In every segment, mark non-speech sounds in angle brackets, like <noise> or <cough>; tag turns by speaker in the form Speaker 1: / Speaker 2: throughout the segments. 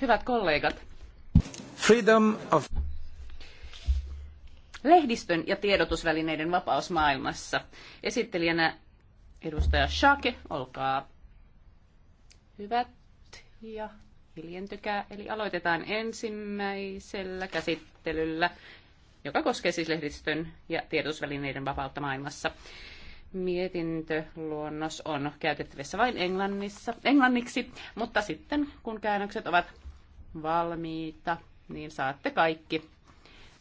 Speaker 1: Hyvät kollegat.
Speaker 2: Freedom of...
Speaker 1: Lehdistön ja tiedotusvälineiden vapaus maailmassa. Esittelijänä edustaja Shake, olkaa hyvät ja hiljentykää. Eli aloitetaan ensimmäisellä käsittelyllä, joka koskee siis lehdistön ja tiedotusvälineiden vapautta maailmassa mietintöluonnos on käytettävissä vain englannissa, englanniksi, mutta sitten kun käännökset ovat valmiita, niin saatte kaikki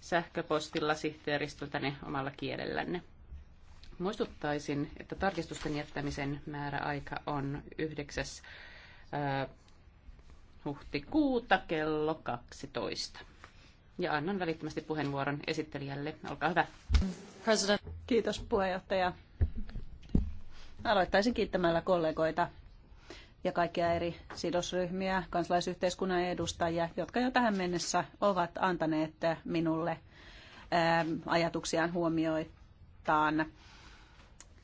Speaker 1: sähköpostilla sihteeristöltäne omalla kielellänne. Muistuttaisin, että tarkistusten jättämisen määräaika on 9. huhtikuuta kello 12. Ja annan välittömästi
Speaker 3: puheenvuoron esittelijälle. Olkaa hyvä. President. Kiitos puheenjohtaja. Aloittaisin kiittämällä kollegoita ja kaikkia eri sidosryhmiä, kansalaisyhteiskunnan edustajia, jotka jo tähän mennessä ovat antaneet minulle ähm, ajatuksiaan huomioitaan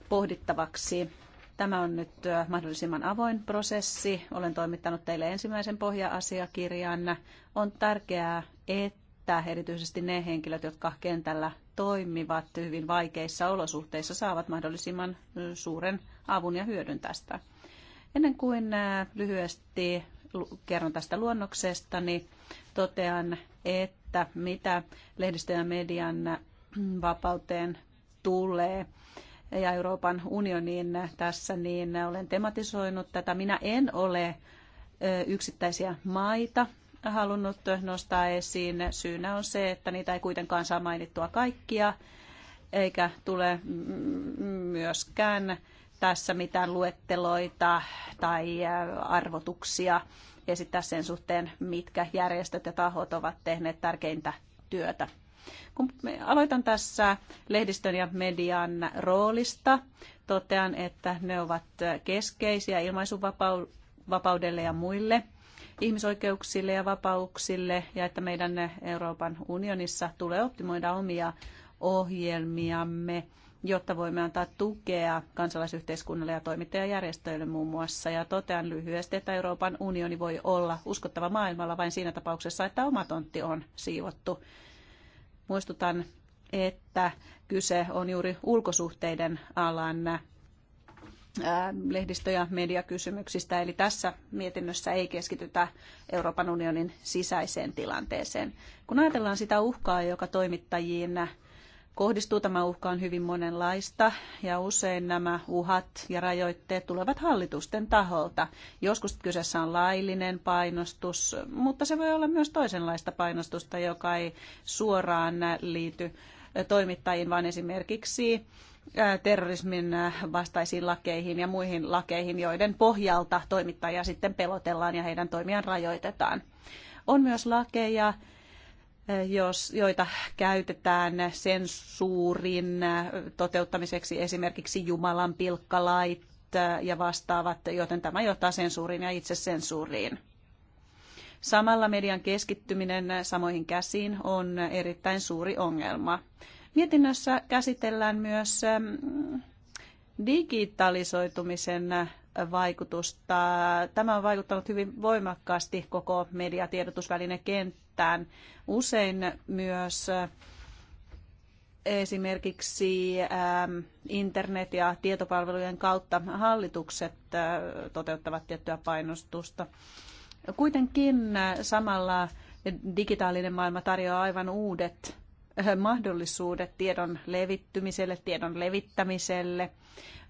Speaker 3: pohdittavaksi. Tämä on nyt äh, mahdollisimman avoin prosessi. Olen toimittanut teille ensimmäisen pohja-asiakirjan. On tärkeää, että erityisesti ne henkilöt, jotka kentällä toimivat hyvin vaikeissa olosuhteissa saavat mahdollisimman suuren avun ja hyödyn tästä. Ennen kuin lyhyesti kerron tästä luonnoksesta, niin totean, että mitä lehdistö- ja median <clears throat> vapauteen tulee ja Euroopan unioniin tässä, niin olen tematisoinut tätä. Minä en ole yksittäisiä maita halunnut nostaa esiin. Syynä on se, että niitä ei kuitenkaan saa mainittua kaikkia, eikä tule myöskään tässä mitään luetteloita tai arvotuksia esittää sen suhteen, mitkä järjestöt ja tahot ovat tehneet tärkeintä työtä. Kun aloitan tässä lehdistön ja median roolista, totean, että ne ovat keskeisiä ilmaisuvapaudelle ja muille – ihmisoikeuksille ja vapauksille ja että meidän Euroopan unionissa tulee optimoida omia ohjelmiamme, jotta voimme antaa tukea kansalaisyhteiskunnalle ja toimittajajärjestöille muun muassa. Ja totean lyhyesti, että Euroopan unioni voi olla uskottava maailmalla vain siinä tapauksessa, että oma tontti on siivottu. Muistutan, että kyse on juuri ulkosuhteiden alan lehdistö- ja mediakysymyksistä, eli tässä mietinnössä ei keskitytä Euroopan unionin sisäiseen tilanteeseen. Kun ajatellaan sitä uhkaa, joka toimittajiin kohdistuu, tämä uhka on hyvin monenlaista, ja usein nämä uhat ja rajoitteet tulevat hallitusten taholta. Joskus kyseessä on laillinen painostus, mutta se voi olla myös toisenlaista painostusta, joka ei suoraan liity toimittajiin, vaan esimerkiksi terrorismin vastaisiin lakeihin ja muihin lakeihin, joiden pohjalta toimittajia sitten pelotellaan ja heidän toimiaan rajoitetaan. On myös lakeja, jos, joita käytetään sensuurin toteuttamiseksi esimerkiksi Jumalan pilkkalait ja vastaavat, joten tämä johtaa sensuuriin ja itse sensuuriin. Samalla median keskittyminen samoihin käsiin on erittäin suuri ongelma. Mietinnössä käsitellään myös ähm, digitalisoitumisen äh, vaikutusta. Tämä on vaikuttanut hyvin voimakkaasti koko mediatiedotusvälinekenttään. Usein myös äh, esimerkiksi ähm, internet- ja tietopalvelujen kautta hallitukset äh, toteuttavat tiettyä painostusta. Kuitenkin samalla digitaalinen maailma tarjoaa aivan uudet Eh, mahdollisuudet tiedon levittymiselle, tiedon levittämiselle.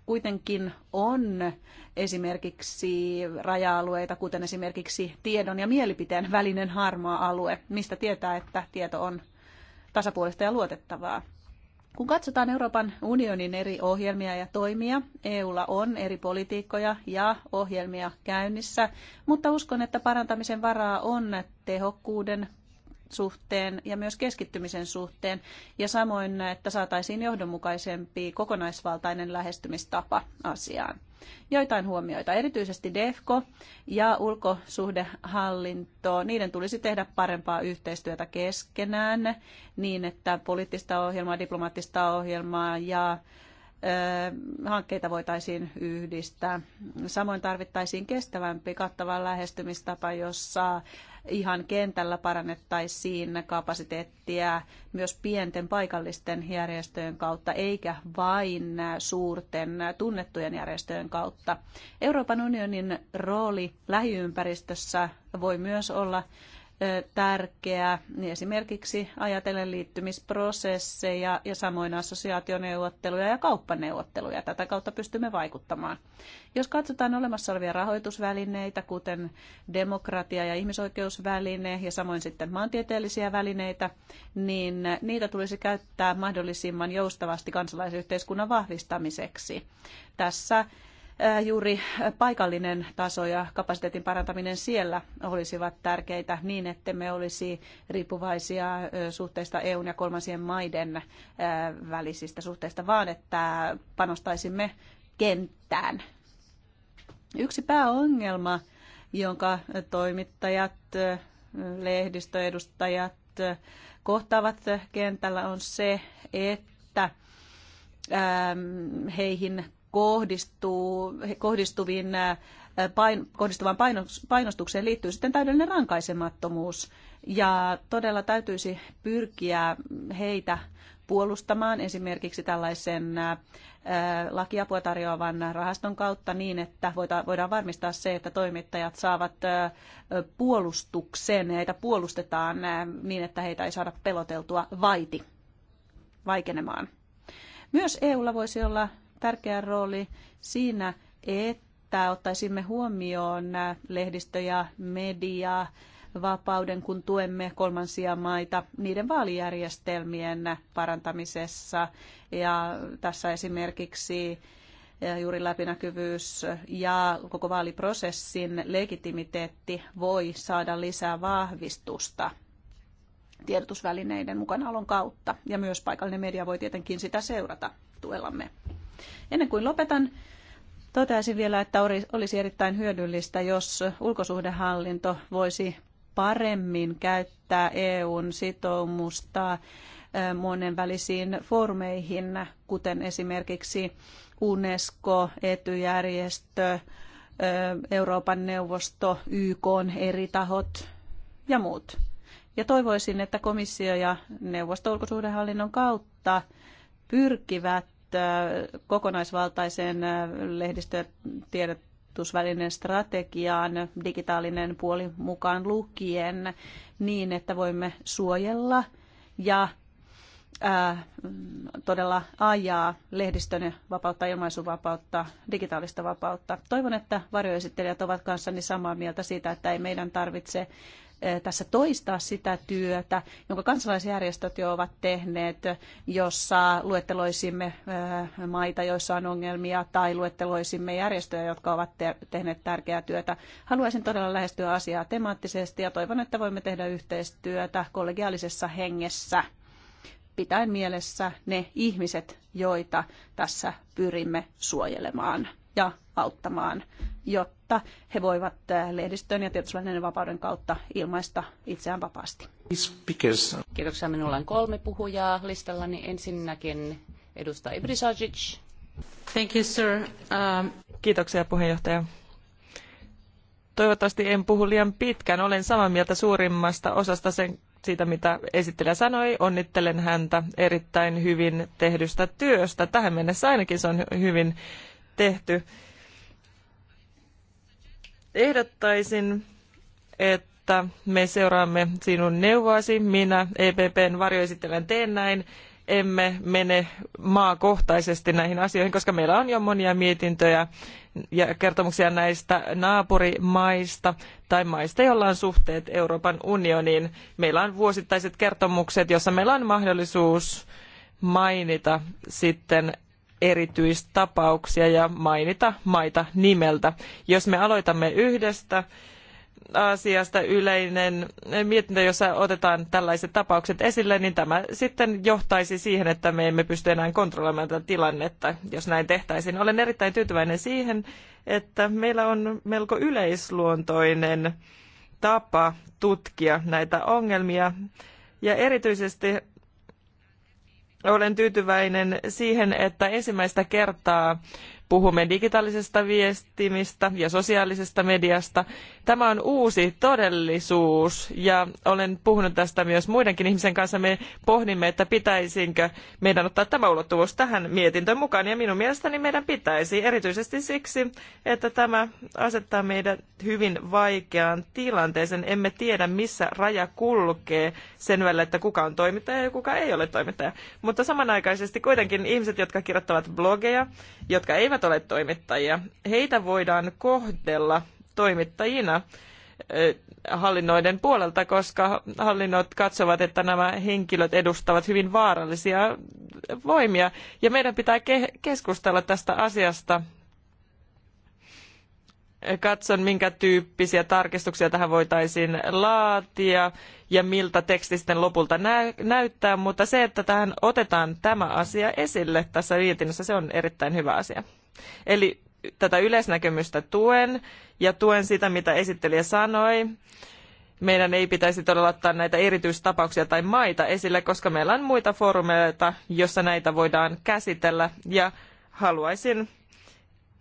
Speaker 3: Kuitenkin on esimerkiksi raja-alueita, kuten esimerkiksi tiedon ja mielipiteen välinen harmaa alue, mistä tietää, että tieto on tasapuolista ja luotettavaa. Kun katsotaan Euroopan unionin eri ohjelmia ja toimia, EUlla on eri politiikkoja ja ohjelmia käynnissä, mutta uskon, että parantamisen varaa on tehokkuuden, suhteen ja myös keskittymisen suhteen, ja samoin, että saataisiin johdonmukaisempi kokonaisvaltainen lähestymistapa asiaan. Joitain huomioita, erityisesti DEFCO ja ulkosuhdehallinto, niiden tulisi tehdä parempaa yhteistyötä keskenään niin, että poliittista ohjelmaa, diplomaattista ohjelmaa ja hankkeita voitaisiin yhdistää. Samoin tarvittaisiin kestävämpi, kattava lähestymistapa, jossa ihan kentällä parannettaisiin kapasiteettia myös pienten paikallisten järjestöjen kautta, eikä vain suurten tunnettujen järjestöjen kautta. Euroopan unionin rooli lähiympäristössä voi myös olla tärkeä niin esimerkiksi ajatellen liittymisprosesseja ja samoin assosiaationeuvotteluja ja kauppaneuvotteluja. Tätä kautta pystymme vaikuttamaan. Jos katsotaan olemassa olevia rahoitusvälineitä, kuten demokratia- ja ihmisoikeusväline ja samoin sitten maantieteellisiä välineitä, niin niitä tulisi käyttää mahdollisimman joustavasti kansalaisyhteiskunnan vahvistamiseksi. Tässä Äh, juuri äh, paikallinen taso ja kapasiteetin parantaminen siellä olisivat tärkeitä niin, että me olisi riippuvaisia äh, suhteista EUn ja kolmansien maiden välisistä suhteista, vaan että panostaisimme kenttään. Yksi pääongelma, jonka toimittajat, lehdistöedustajat kohtaavat kentällä on se, että ähm, heihin kohdistuu, kohdistuviin, äh, pain, kohdistuvan painostukseen liittyy sitten täydellinen rankaisemattomuus. Ja todella täytyisi pyrkiä heitä puolustamaan esimerkiksi tällaisen äh, lakiapua tarjoavan rahaston kautta niin, että voidaan varmistaa se, että toimittajat saavat äh, puolustuksen ja heitä puolustetaan niin, että heitä ei saada peloteltua vaiti, vaikenemaan. Myös EUlla voisi olla tärkeä rooli siinä, että ottaisimme huomioon lehdistö ja media vapauden, kun tuemme kolmansia maita niiden vaalijärjestelmien parantamisessa. Ja tässä esimerkiksi eh, juuri läpinäkyvyys ja koko vaaliprosessin legitimiteetti voi saada lisää vahvistusta tiedotusvälineiden mukanaolon kautta. Ja myös paikallinen media voi tietenkin sitä seurata tuellamme. Ennen kuin lopetan, toteaisin vielä, että olisi erittäin hyödyllistä, jos ulkosuhdehallinto voisi paremmin käyttää EUn sitoumusta monenvälisiin foorumeihin, kuten esimerkiksi UNESCO, etujärjestö, Euroopan neuvosto, YK, eri tahot ja muut. Ja toivoisin, että komissio ja neuvosto ulkosuhdehallinnon kautta pyrkivät Äh, kokonaisvaltaiseen äh, lehdistötiedotusvälineen strategiaan, digitaalinen puoli mukaan lukien, niin että voimme suojella ja ää, äh, todella ajaa lehdistön vapautta, ilmaisuvapautta, digitaalista vapautta. Toivon, että varjoesittelijät ovat kanssani samaa mieltä siitä, että ei meidän tarvitse Eh, tässä toistaa sitä työtä, jonka kansalaisjärjestöt jo ovat tehneet, jossa luetteloisimme eh, maita, joissa on ongelmia, tai luetteloisimme järjestöjä, jotka ovat tehneet tärkeää työtä. Haluaisin todella lähestyä asiaa temaattisesti ja toivon, että voimme tehdä yhteistyötä kollegiaalisessa hengessä pitäen mielessä ne ihmiset, joita tässä pyrimme suojelemaan ja auttamaan, jotta he voivat eh, lehdistön ja tiedotusvälineiden vapauden kautta ilmaista itseään vapaasti. Kiitoksia. Minulla on kolme
Speaker 1: puhujaa listallani. Ensinnäkin edustaja Ibrisajic.
Speaker 4: Thank you, sir. Um... Kiitoksia puheenjohtaja. Toivottavasti en puhu liian pitkään. Olen samaa mieltä suurimmasta osasta sen siitä, mitä esittelijä sanoi. Onnittelen häntä erittäin hyvin tehdystä työstä. Tähän mennessä ainakin se on hyvin tehty. Ehdottaisin, että me seuraamme sinun neuvoasi. Minä EPPn varjoesittelen teen näin. Emme mene maakohtaisesti näihin asioihin, koska meillä on jo monia mietintöjä ja kertomuksia näistä naapurimaista tai maista, joilla on suhteet Euroopan unioniin. Meillä on vuosittaiset kertomukset, joissa meillä on mahdollisuus mainita sitten erityistapauksia ja mainita maita nimeltä. Jos me aloitamme yhdestä asiasta yleinen mietintö, jossa otetaan tällaiset tapaukset esille, niin tämä sitten johtaisi siihen, että me emme pysty enää kontrolloimaan tätä tilannetta, jos näin tehtäisiin. Olen erittäin tyytyväinen siihen, että meillä on melko yleisluontoinen tapa tutkia näitä ongelmia. Ja erityisesti olen tyytyväinen siihen, että ensimmäistä kertaa puhumme digitaalisesta viestimistä ja sosiaalisesta mediasta. Tämä on uusi todellisuus ja olen puhunut tästä myös muidenkin ihmisen kanssa. Me pohdimme, että pitäisinkö meidän ottaa tämä ulottuvuus tähän mietintöön mukaan ja minun mielestäni meidän pitäisi erityisesti siksi, että tämä asettaa meidät hyvin vaikeaan tilanteeseen. Emme tiedä, missä raja kulkee sen välillä, että kuka on toimittaja ja kuka ei ole toimittaja. Mutta samanaikaisesti kuitenkin ihmiset, jotka kirjoittavat blogeja, jotka eivät eivät ole toimittajia. Heitä voidaan kohdella toimittajina hallinnoiden puolelta, koska hallinnot katsovat, että nämä henkilöt edustavat hyvin vaarallisia voimia. Ja meidän pitää keskustella tästä asiasta. Katson, minkä tyyppisiä tarkistuksia tähän voitaisiin laatia ja miltä teksti sitten lopulta nä- näyttää, mutta se, että tähän otetaan tämä asia esille tässä viitinnössä, se on erittäin hyvä asia. Eli tätä yleisnäkemystä tuen ja tuen sitä, mitä esittelijä sanoi. Meidän ei pitäisi todella ottaa näitä erityistapauksia tai maita esille, koska meillä on muita foorumeita, joissa näitä voidaan käsitellä. Ja haluaisin,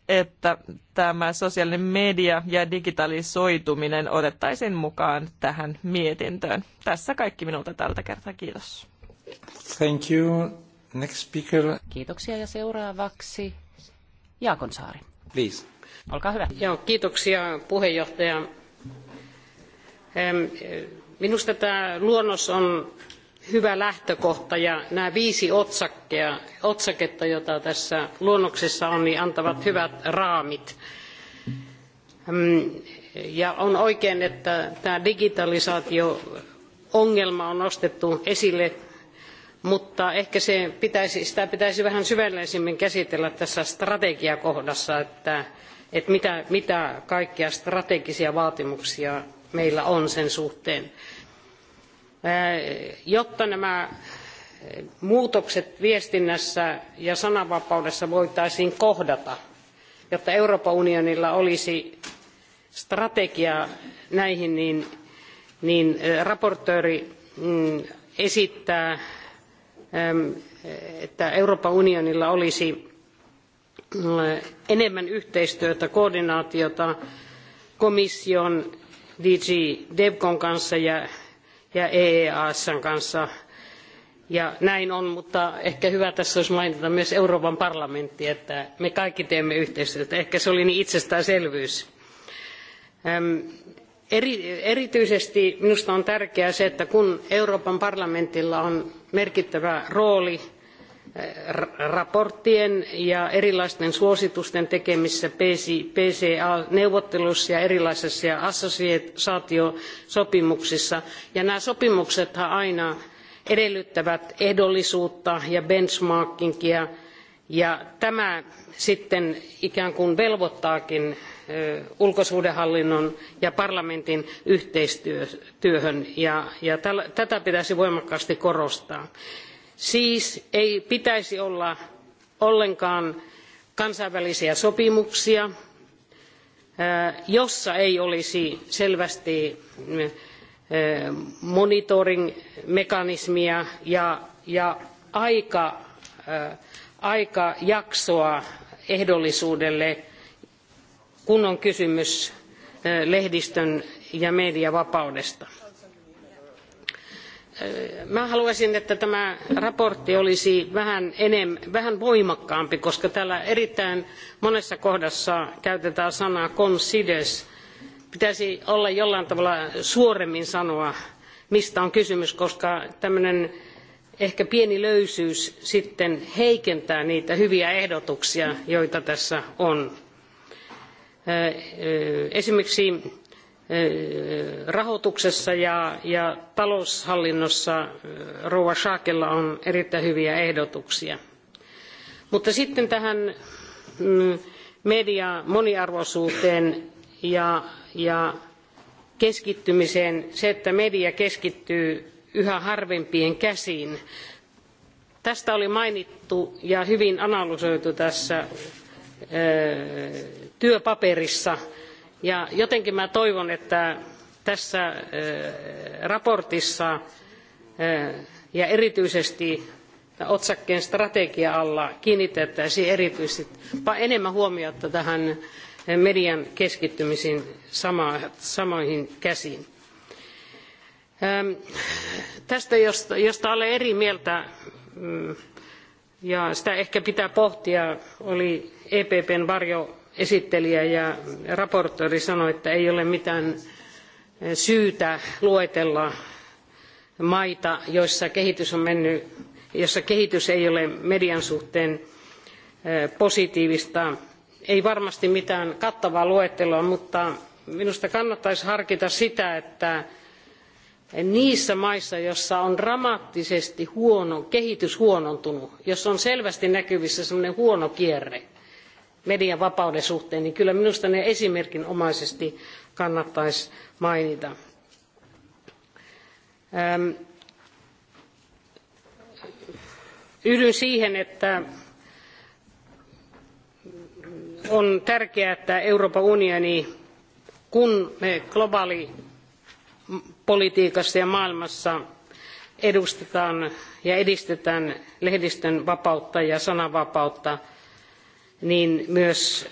Speaker 4: että tämä sosiaalinen media ja digitalisoituminen otettaisiin mukaan tähän mietintöön. Tässä kaikki minulta tältä kertaa. Kiitos. Thank you. Next speaker. Kiitoksia ja seuraavaksi Jaakonsaari. Please.
Speaker 2: Olkaa hyvä. Joo, kiitoksia puheenjohtaja. Minusta tämä luonnos on hyvä lähtökohta ja nämä viisi otsakkeja, otsaketta, joita tässä luonnoksessa on, niin antavat hyvät raamit. Ja on oikein, että tämä digitalisaatio ongelma on nostettu esille mutta ehkä se pitäisi, sitä pitäisi vähän syvällisemmin käsitellä tässä strategiakohdassa, että, että mitä, kaikkia strategisia vaatimuksia meillä on sen suhteen. Jotta nämä muutokset viestinnässä ja sananvapaudessa voitaisiin kohdata, jotta Euroopan unionilla olisi strategia näihin, niin, niin raportööri mm, esittää Ähm, että Euroopan unionilla olisi äh, enemmän yhteistyötä, koordinaatiota komission, DG DevCon kanssa ja, ja EEASn kanssa. Ja näin on, mutta ehkä hyvä tässä olisi mainita myös Euroopan parlamentti, että me kaikki teemme yhteistyötä. Ehkä se oli niin itsestäänselvyys. Ähm, erityisesti minusta on tärkeää se, että kun Euroopan parlamentilla on merkittävä rooli eh, raporttien ja erilaisten suositusten tekemisessä PCA-neuvotteluissa ja erilaisissa assosiaatiosopimuksissa. Ja nämä sopimuksethan aina edellyttävät ehdollisuutta ja benchmarkingia ja tämä sitten ikään kuin velvoittaakin ulkosuhdehallinnon ja parlamentin yhteistyöhön ja, tätä pitäisi voimakkaasti korostaa. Siis ei pitäisi olla ollenkaan kansainvälisiä sopimuksia, jossa ei olisi selvästi monitoringmekanismia ja, ja aika, aikajaksoa ehdollisuudelle kun on kysymys lehdistön ja mediavapaudesta. Mä haluaisin, että tämä raportti olisi vähän, enemmän vähän voimakkaampi, koska täällä erittäin monessa kohdassa käytetään sanaa considers. Pitäisi olla jollain tavalla suoremmin sanoa, mistä on kysymys, koska tämmöinen ehkä pieni löysyys sitten heikentää niitä hyviä ehdotuksia, joita tässä on esimerkiksi rahoituksessa ja, ja taloushallinnossa Rouva Shaakella on erittäin hyviä ehdotuksia. Mutta sitten tähän mm, media moniarvoisuuteen ja, ja keskittymiseen, se, että media keskittyy yhä harvempien käsiin. Tästä oli mainittu ja hyvin analysoitu tässä työpaperissa. Ja jotenkin mä toivon, että tässä raportissa ja erityisesti otsakkeen strategia alla kiinnitettäisiin erityisesti enemmän huomiota tähän median keskittymisiin samoihin käsiin. Tästä, josta olen eri mieltä, mm, ja sitä ehkä pitää pohtia, oli EPPn varjo esittelijä ja raportööri sanoi, että ei ole mitään syytä luetella maita, joissa kehitys on mennyt, jossa kehitys ei ole median suhteen positiivista. Ei varmasti mitään kattavaa luetteloa, mutta minusta kannattaisi harkita sitä, että niissä maissa, joissa on dramaattisesti huono, kehitys huonontunut, jos on selvästi näkyvissä semmoinen huono kierre, median vapauden suhteen, niin kyllä minusta ne esimerkinomaisesti kannattaisi mainita. Ähm, yhdyn siihen, että on tärkeää, että Euroopan unioni, kun me globaali politiikassa ja maailmassa edustetaan ja edistetään lehdistön vapautta ja sananvapautta, niin myös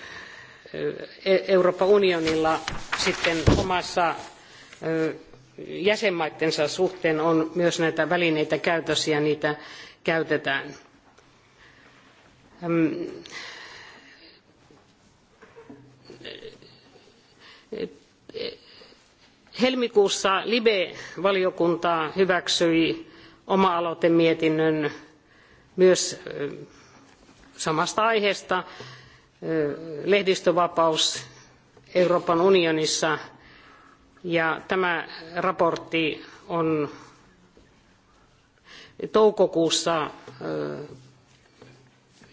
Speaker 2: e- Euroopan unionilla sitten omassa jäsenmaittensa suhteen on myös näitä välineitä käytössä ja niitä käytetään. Helmikuussa Libe-valiokunta hyväksyi oma-aloitemietinnön myös samasta aiheesta. Lehdistövapaus Euroopan unionissa ja tämä raportti on toukokuussa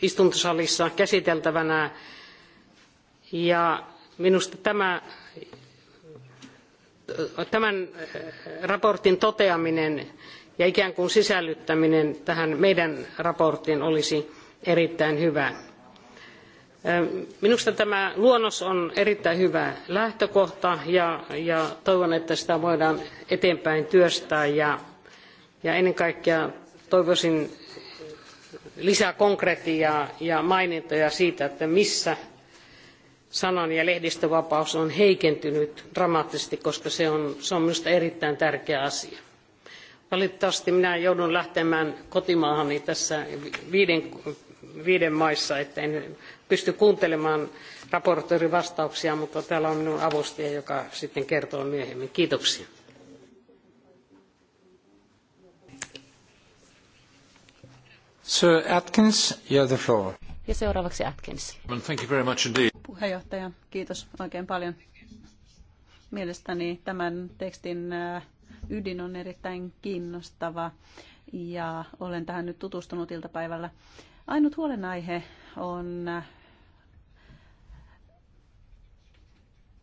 Speaker 2: istuntosalissa käsiteltävänä ja minusta tämä, tämän raportin toteaminen ja ikään kuin sisällyttäminen tähän meidän raporttiin olisi erittäin hyvä. Minusta tämä luonnos on erittäin hyvä lähtökohta ja, ja toivon, että sitä voidaan eteenpäin työstää ja, ja ennen kaikkea toivoisin lisää konkretiaa ja mainintoja siitä, että missä sanan- ja lehdistövapaus on heikentynyt dramaattisesti, koska se on, se on minusta erittäin tärkeä asia. Valitettavasti minä joudun lähtemään kotimaahani tässä viiden viiden maissa, että en pysty kuuntelemaan raportöörin vastauksia, mutta täällä on minun avustaja, joka sitten kertoo myöhemmin. Kiitoksia. Sir Atkins, you the floor.
Speaker 3: Ja seuraavaksi Atkins.
Speaker 2: Thank you very much indeed.
Speaker 3: Puheenjohtaja, kiitos oikein paljon. Mielestäni tämän tekstin äh, ydin on erittäin kiinnostava ja olen tähän nyt tutustunut iltapäivällä. Ainut huolenaihe on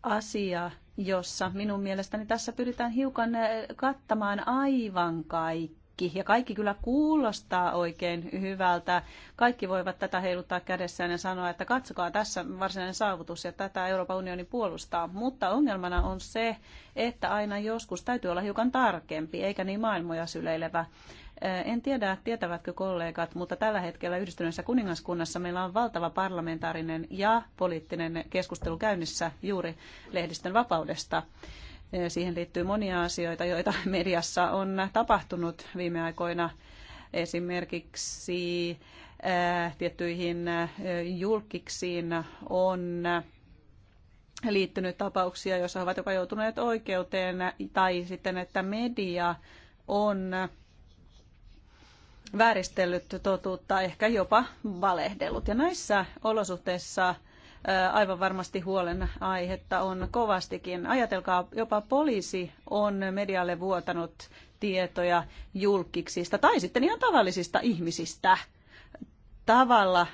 Speaker 3: asia, jossa minun mielestäni tässä pyritään hiukan kattamaan aivan kaikki. Ja kaikki kyllä kuulostaa oikein hyvältä. Kaikki voivat tätä heiluttaa kädessään ja sanoa, että katsokaa tässä varsinainen saavutus ja tätä Euroopan unioni puolustaa. Mutta ongelmana on se, että aina joskus täytyy olla hiukan tarkempi, eikä niin maailmoja syleilevä Eh, en tiedä, tietävätkö kollegat, mutta tällä hetkellä yhdistyneessä kuningaskunnassa meillä on valtava parlamentaarinen ja poliittinen keskustelu käynnissä juuri lehdistön vapaudesta. Eh, siihen liittyy monia asioita, joita <laughs> mediassa on tapahtunut viime aikoina. Esimerkiksi eh, tiettyihin julkiksiin on liittynyt tapauksia, joissa he ovat jopa joutuneet oikeuteen, tai sitten, että media on vääristellyt totuutta, ehkä jopa valehdellut. Ja näissä olosuhteissa aivan varmasti huolen aihetta on kovastikin. Ajatelkaa, jopa poliisi on medialle vuotanut tietoja julkiksista tai sitten ihan tavallisista ihmisistä tavalla,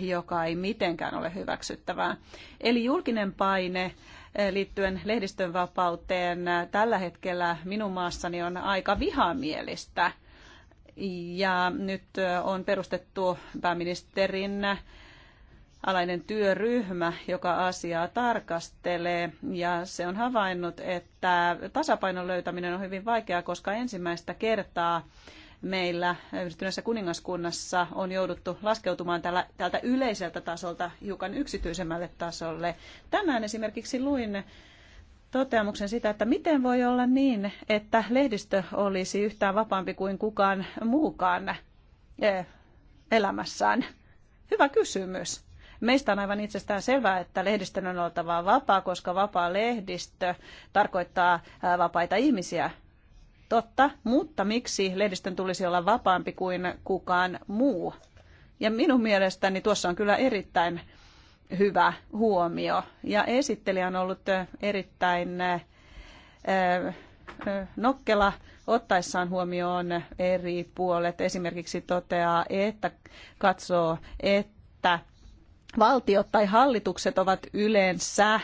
Speaker 3: joka ei mitenkään ole hyväksyttävää. Eli julkinen paine liittyen lehdistön vapauteen tällä hetkellä minun maassani on aika vihamielistä – ja nyt on perustettu pääministerin alainen työryhmä, joka asiaa tarkastelee. Ja se on havainnut, että tasapainon löytäminen on hyvin vaikeaa, koska ensimmäistä kertaa meillä yhdistyneessä kuningaskunnassa on jouduttu laskeutumaan tällä, tältä yleiseltä tasolta hiukan yksityisemmälle tasolle. Tänään esimerkiksi luin toteamuksen sitä, että miten voi olla niin, että lehdistö olisi yhtään vapaampi kuin kukaan muukaan eh, elämässään? Hyvä kysymys. Meistä on aivan itsestään selvää, että lehdistön on oltava vapaa, koska vapaa lehdistö tarkoittaa eh, vapaita ihmisiä. Totta, mutta miksi lehdistön tulisi olla vapaampi kuin kukaan muu? Ja minun mielestäni tuossa on kyllä erittäin hyvä huomio. Ja esittelijä on ollut erittäin nokkela ottaessaan huomioon eri puolet. Esimerkiksi toteaa, että katsoo, että valtiot tai hallitukset ovat yleensä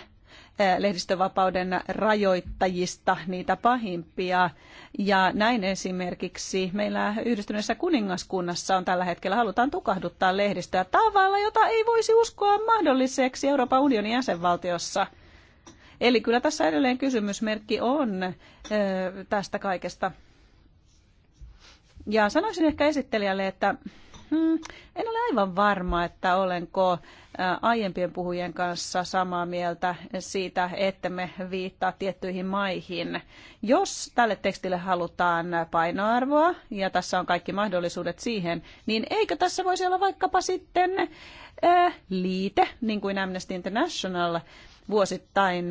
Speaker 3: Eh, lehdistövapauden rajoittajista niitä pahimpia. Ja näin esimerkiksi meillä yhdistyneessä kuningaskunnassa on tällä hetkellä, halutaan tukahduttaa lehdistöä tavalla, jota ei voisi uskoa mahdolliseksi Euroopan unionin jäsenvaltiossa. Eli kyllä tässä edelleen kysymysmerkki on eh, tästä kaikesta. Ja sanoisin ehkä esittelijälle, että Hmm, en ole aivan varma, että olenko aiempien puhujien kanssa samaa mieltä siitä, että me viittaa tiettyihin maihin. Jos tälle tekstille halutaan painoarvoa, ja tässä on kaikki mahdollisuudet siihen, niin eikö tässä voisi olla vaikkapa sitten äh, liite, niin kuin Amnesty International vuosittain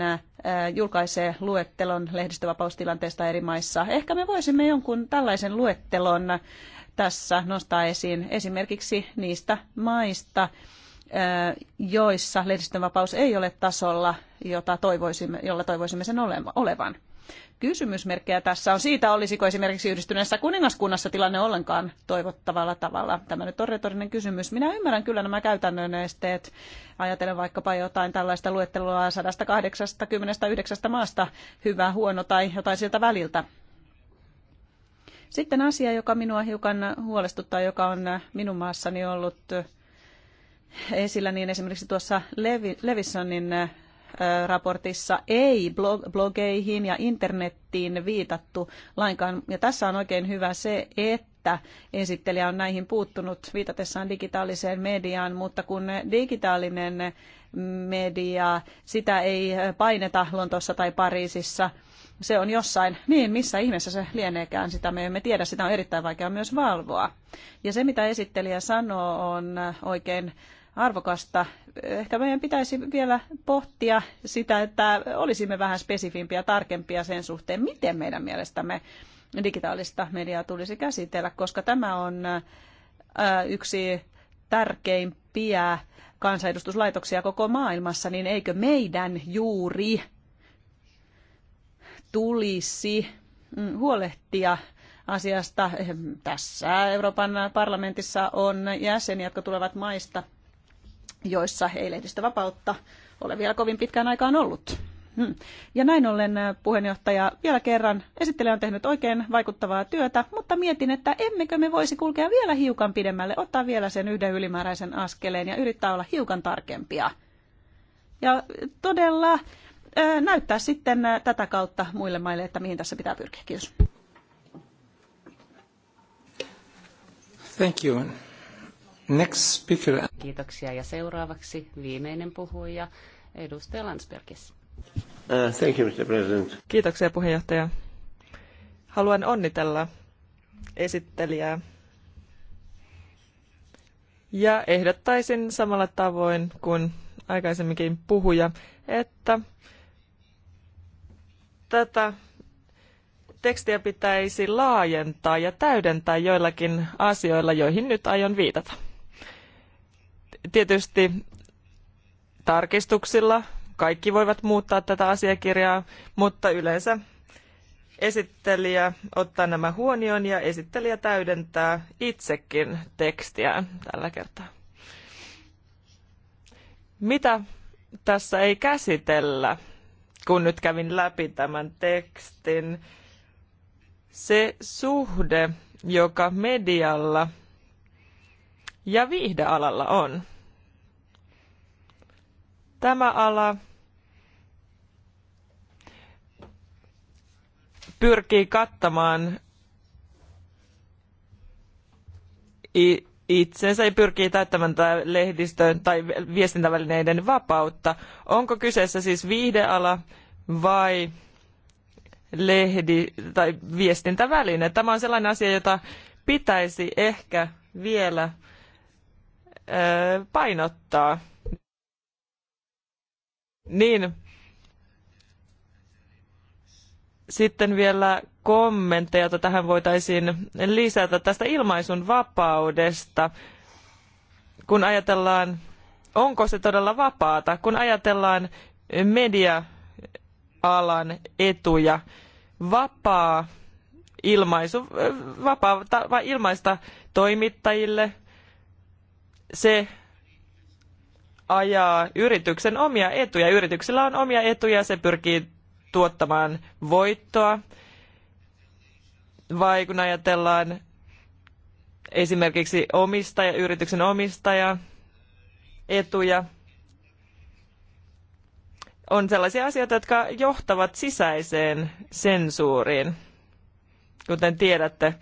Speaker 3: julkaisee luettelon lehdistövapaustilanteesta eri maissa. Ehkä me voisimme jonkun tällaisen luettelon tässä nostaa esiin esimerkiksi niistä maista, joissa lehdistönvapaus ei ole tasolla, jota toivoisimme, jolla toivoisimme sen olevan. Kysymysmerkkejä tässä on siitä, olisiko esimerkiksi yhdistyneessä kuningaskunnassa tilanne ollenkaan toivottavalla tavalla. Tämä nyt on retorinen kysymys. Minä ymmärrän kyllä nämä käytännön esteet. Ajatellen vaikkapa jotain tällaista luettelua 189 maasta, hyvä, huono tai jotain siltä väliltä. Sitten asia, joka minua hiukan huolestuttaa, joka on minun maassani ollut äh, esillä, niin esimerkiksi tuossa Levi, Levissonin äh, raportissa ei blogeihin ja internettiin viitattu lainkaan. Ja tässä on oikein hyvä se, että esittelijä on näihin puuttunut viitatessaan digitaaliseen mediaan, mutta kun digitaalinen media, sitä ei paineta Lontossa tai Pariisissa – se on jossain, niin missä ihmeessä se lieneekään, sitä me emme tiedä, sitä on erittäin vaikea myös valvoa. Ja se, mitä esittelijä sanoo, on oikein arvokasta. Ehkä meidän pitäisi vielä pohtia sitä, että olisimme vähän spesifimpiä, tarkempia sen suhteen, miten meidän mielestämme digitaalista mediaa tulisi käsitellä, koska tämä on äh, yksi tärkeimpiä kansanedustuslaitoksia koko maailmassa, niin eikö meidän juuri tulisi mm, huolehtia asiasta. Tässä Euroopan parlamentissa on jäseniä, jotka tulevat maista, joissa ei lehdistövapautta ole vielä kovin pitkään aikaan ollut. Hmm. Ja näin ollen puheenjohtaja vielä kerran esittelijä on tehnyt oikein vaikuttavaa työtä, mutta mietin, että emmekö me voisi kulkea vielä hiukan pidemmälle, ottaa vielä sen yhden ylimääräisen askeleen ja yrittää olla hiukan tarkempia. Ja todella näyttää sitten tätä kautta muille maille, että mihin tässä pitää pyrkiä. Kiitos.
Speaker 4: Thank you. Next speaker.
Speaker 1: Kiitoksia. Ja seuraavaksi viimeinen puhuja, edustaja Landsbergis.
Speaker 4: Uh, thank you, Mr. President. Kiitoksia puheenjohtaja. Haluan onnitella esittelijää. Ja ehdottaisin samalla tavoin kuin aikaisemminkin puhuja, että tätä tekstiä pitäisi laajentaa ja täydentää joillakin asioilla, joihin nyt aion viitata. Tietysti tarkistuksilla kaikki voivat muuttaa tätä asiakirjaa, mutta yleensä esittelijä ottaa nämä huomioon ja esittelijä täydentää itsekin tekstiä tällä kertaa. Mitä tässä ei käsitellä? kun nyt kävin läpi tämän tekstin. Se suhde, joka medialla ja viihdealalla on. Tämä ala pyrkii kattamaan itsensä ja pyrkii täyttämään tätä lehdistön tai viestintävälineiden vapautta. Onko kyseessä siis viihdeala vai lehdi tai viestintäväline? Tämä on sellainen asia, jota pitäisi ehkä vielä painottaa. Niin. Sitten vielä kommentteja, joita tähän voitaisiin lisätä tästä ilmaisun vapaudesta. Kun ajatellaan, onko se todella vapaata, kun ajatellaan media-alan etuja, vapaa ilmaisu, vapaa, vai ilmaista toimittajille, se ajaa yrityksen omia etuja. Yrityksillä on omia etuja, se pyrkii tuottamaan voittoa vai kun ajatellaan esimerkiksi omistaja, yrityksen omistaja, etuja, on sellaisia asioita, jotka johtavat sisäiseen sensuuriin, kuten tiedätte.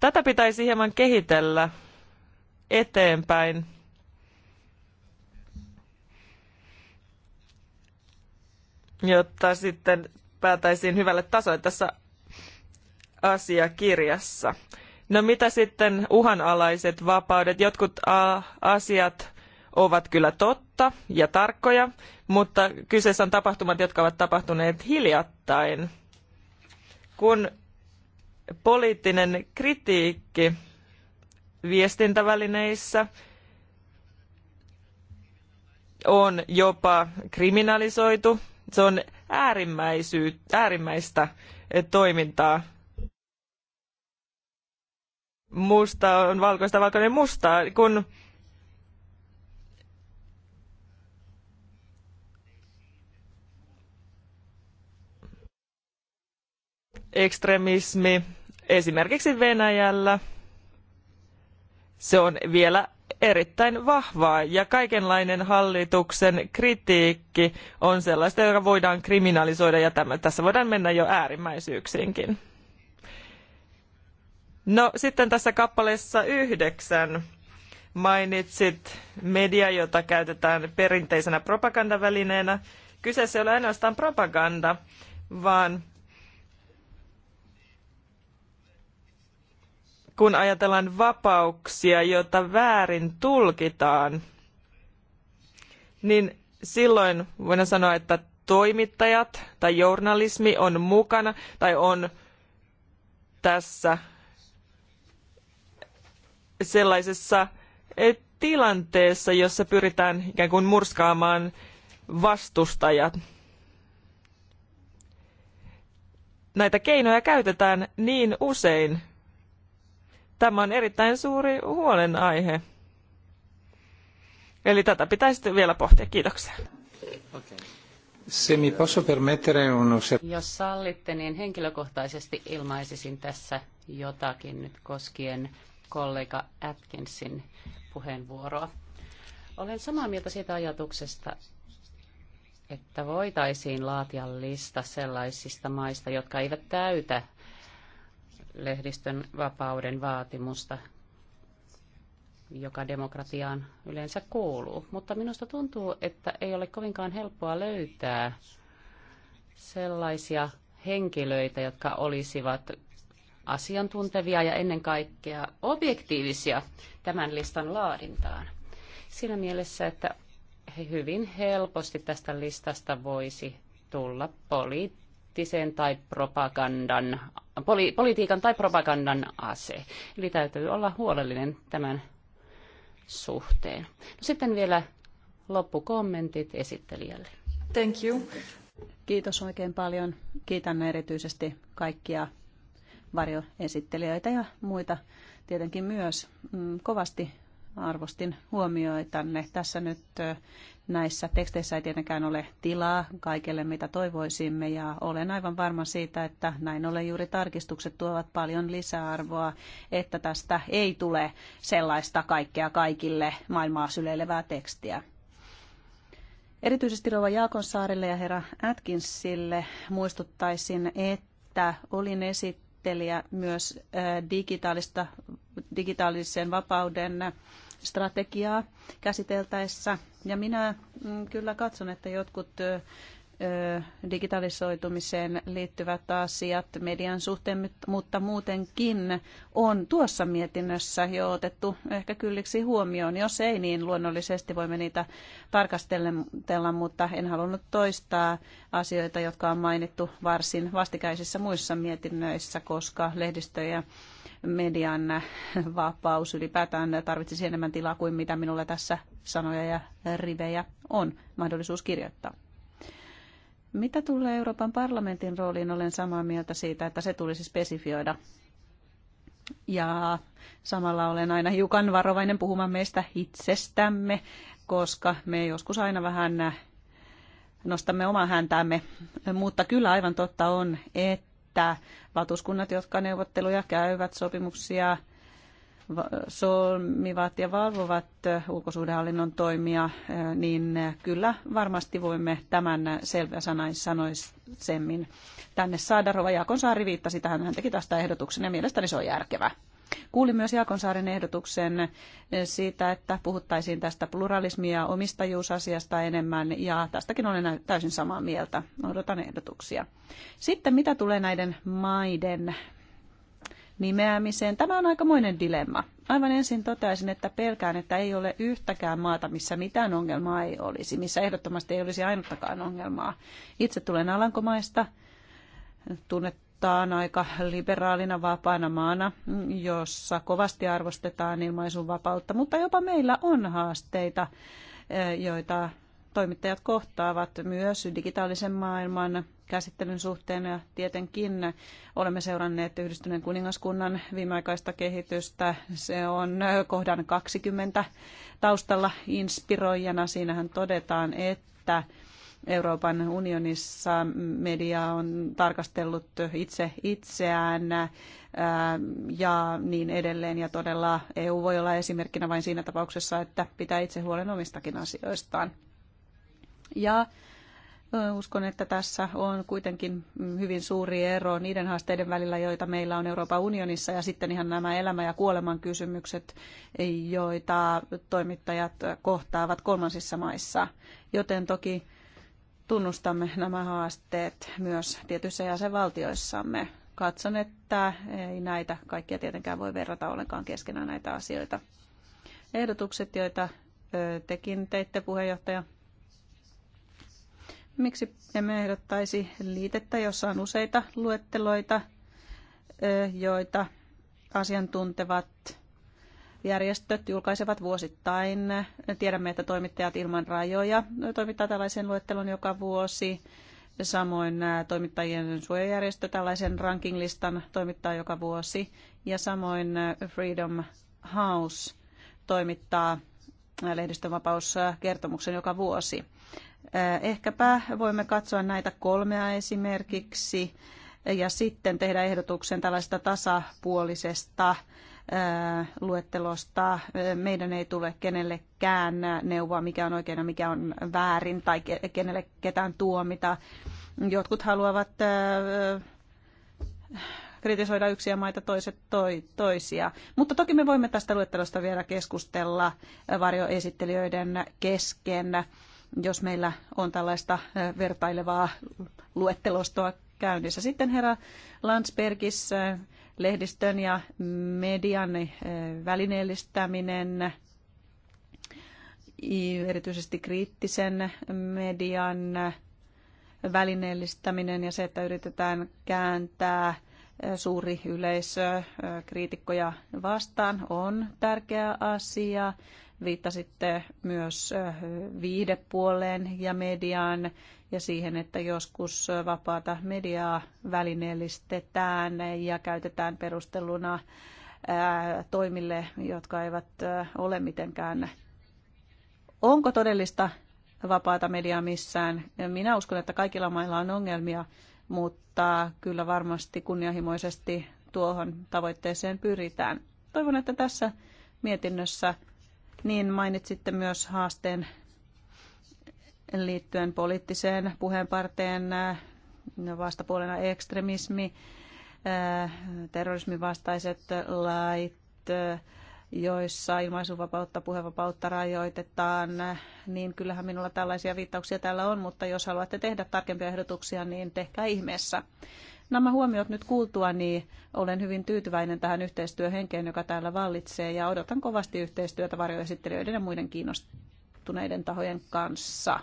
Speaker 4: Tätä pitäisi hieman kehitellä eteenpäin. jotta sitten päätäisiin hyvälle tasolle. Tässä asiakirjassa. No mitä sitten uhanalaiset vapaudet? Jotkut asiat ovat kyllä totta ja tarkkoja, mutta kyseessä on tapahtumat, jotka ovat tapahtuneet hiljattain. Kun poliittinen kritiikki viestintävälineissä on jopa kriminalisoitu, se on äärimmäistä toimintaa musta on valkoista, valkoinen mustaa, kun ekstremismi esimerkiksi Venäjällä, se on vielä erittäin vahvaa ja kaikenlainen hallituksen kritiikki on sellaista, joka voidaan kriminalisoida ja tässä voidaan mennä jo äärimmäisyyksiinkin. No sitten tässä kappaleessa yhdeksän mainitsit media, jota käytetään perinteisenä propagandavälineenä. Kyseessä ei ole ainoastaan propaganda, vaan kun ajatellaan vapauksia, joita väärin tulkitaan, niin silloin voidaan sanoa, että toimittajat tai journalismi on mukana tai on tässä sellaisessa eh, tilanteessa, jossa pyritään ikään kuin murskaamaan vastustajat. Näitä keinoja käytetään niin usein. Tämä on erittäin suuri huolenaihe. Eli tätä pitäisi vielä pohtia. Kiitoksia.
Speaker 2: Se mi posso permettere
Speaker 4: Jos sallitte, niin
Speaker 1: henkilökohtaisesti ilmaisisin tässä jotakin nyt koskien kollega Atkinsin puheenvuoroa. Olen samaa mieltä siitä ajatuksesta, että voitaisiin laatia lista sellaisista maista, jotka eivät täytä lehdistön vapauden vaatimusta, joka demokratiaan yleensä kuuluu. Mutta minusta tuntuu, että ei ole kovinkaan helppoa löytää sellaisia henkilöitä, jotka olisivat asiantuntevia ja ennen kaikkea objektiivisia tämän listan laadintaan. Siinä mielessä, että hyvin helposti tästä listasta voisi tulla poliittisen tai propagandan, poli, politiikan tai propagandan ase. Eli täytyy olla huolellinen tämän suhteen. No sitten vielä loppukommentit
Speaker 3: esittelijälle. Thank you. Kiitos oikein paljon. Kiitän erityisesti kaikkia varjoesittelijöitä ja muita tietenkin myös. Mm, kovasti arvostin huomioitanne. Tässä nyt näissä teksteissä ei tietenkään ole tilaa kaikelle, mitä toivoisimme, ja olen aivan varma siitä, että näin ollen juuri tarkistukset tuovat paljon lisäarvoa, että tästä ei tule sellaista kaikkea kaikille maailmaa syleilevää tekstiä. Erityisesti Rova Jaakonsaarille ja herra Atkinsille muistuttaisin, että olin esittänyt esittelijä myös äh, digitaalista, digitaalisen vapauden strategiaa käsiteltäessä. Ja minä mm, kyllä katson, että jotkut äh, digitalisoitumiseen liittyvät asiat median suhteen, mutta muutenkin on tuossa mietinnössä jo otettu ehkä kylliksi huomioon. Jos ei, niin luonnollisesti voimme niitä tarkastella, mutta en halunnut toistaa asioita, jotka on mainittu varsin vastikäisissä muissa mietinnöissä, koska lehdistö ja median vapaus ylipäätään tarvitsisi enemmän tilaa kuin mitä minulla tässä sanoja ja rivejä on mahdollisuus kirjoittaa. Mitä tulee Euroopan parlamentin rooliin, olen samaa mieltä siitä, että se tulisi spesifioida. Ja samalla olen aina hiukan varovainen puhumaan meistä itsestämme, koska me joskus aina vähän nostamme omaa häntäämme. Mutta kyllä aivan totta on, että valtuuskunnat, jotka neuvotteluja käyvät, sopimuksia solmivat ja valvovat ulkosuhdehallinnon toimia, niin kyllä varmasti voimme tämän sanoisemmin tänne saada. Rova Jaakonsaari viittasi tähän, hän teki tästä ehdotuksen ja mielestäni se on järkevä. Kuulin myös Jaakonsaaren ehdotuksen siitä, että puhuttaisiin tästä pluralismia ja omistajuusasiasta enemmän, ja tästäkin olen täysin samaa mieltä. Odotan ehdotuksia. Sitten mitä tulee näiden maiden nimeämiseen. Tämä on aikamoinen dilemma. Aivan ensin toteaisin, että pelkään, että ei ole yhtäkään maata, missä mitään ongelmaa ei olisi, missä ehdottomasti ei olisi ainuttakaan ongelmaa. Itse tulen Alankomaista, tunnetaan aika liberaalina vapaana maana, jossa kovasti arvostetaan ilmaisun vapautta, mutta jopa meillä on haasteita, eh, joita toimittajat kohtaavat myös digitaalisen maailman käsittelyn suhteen ja tietenkin olemme seuranneet yhdistyneen kuningaskunnan viimeaikaista kehitystä. Se on kohdan 20 taustalla inspiroijana. Siinähän todetaan, että Euroopan unionissa media on tarkastellut itse itseään ja niin edelleen. Ja todella EU voi olla esimerkkinä vain siinä tapauksessa, että pitää itse huolen omistakin asioistaan. Ja Uskon, että tässä on kuitenkin hyvin suuri ero niiden haasteiden välillä, joita meillä on Euroopan unionissa, ja sitten ihan nämä elämä- ja kuoleman kysymykset, joita toimittajat kohtaavat kolmansissa maissa. Joten toki tunnustamme nämä haasteet myös tietyissä jäsenvaltioissamme. Katson, että ei näitä kaikkia tietenkään voi verrata ollenkaan keskenään näitä asioita. Ehdotukset, joita tekin teitte puheenjohtaja Miksi emme ehdottaisi liitettä, jossa on useita luetteloita, joita asiantuntevat järjestöt julkaisevat vuosittain. Tiedämme, että toimittajat ilman rajoja toimittaa tällaisen luettelon joka vuosi. Samoin toimittajien suojajärjestö tällaisen rankinglistan toimittaa joka vuosi. Ja samoin Freedom House toimittaa lehdistönvapauskertomuksen joka vuosi. Äh, ehkäpä voimme katsoa näitä kolmea esimerkiksi ja sitten tehdä ehdotuksen tällaista tasapuolisesta äh, luettelosta. Äh, meidän ei tule kenellekään neuvoa, mikä on oikein ja mikä on väärin, tai kenelle ketään tuomita. Jotkut haluavat kritisoida yksiä maita, toiset toi, toisia. Mutta toki me voimme tästä luettelosta vielä keskustella varjoesittelijöiden kesken jos meillä on tällaista vertailevaa luettelostoa käynnissä. Sitten herra Landsbergis, lehdistön ja median välineellistäminen, erityisesti kriittisen median välineellistäminen ja se, että yritetään kääntää suuri yleisö kriitikkoja vastaan on tärkeä asia. Viittasitte myös viidepuoleen ja mediaan ja siihen, että joskus vapaata mediaa välineellistetään ja käytetään perusteluna toimille, jotka eivät ole mitenkään. Onko todellista vapaata mediaa missään? Minä uskon, että kaikilla mailla on ongelmia, mutta kyllä varmasti kunnianhimoisesti tuohon tavoitteeseen pyritään. Toivon, että tässä mietinnössä niin mainitsitte myös haasteen liittyen poliittiseen puheenparteen äh, vastapuolena ekstremismi, äh, terrorismin vastaiset lait, äh, joissa ilmaisuvapautta, puhevapautta rajoitetaan, niin kyllähän minulla tällaisia viittauksia täällä on, mutta jos haluatte tehdä tarkempia ehdotuksia, niin tehkää ihmeessä. Nämä huomiot nyt kuultua, niin olen hyvin tyytyväinen tähän yhteistyöhenkeen, joka täällä vallitsee, ja odotan kovasti yhteistyötä varjoesittelijöiden ja muiden kiinnostuneiden tahojen kanssa.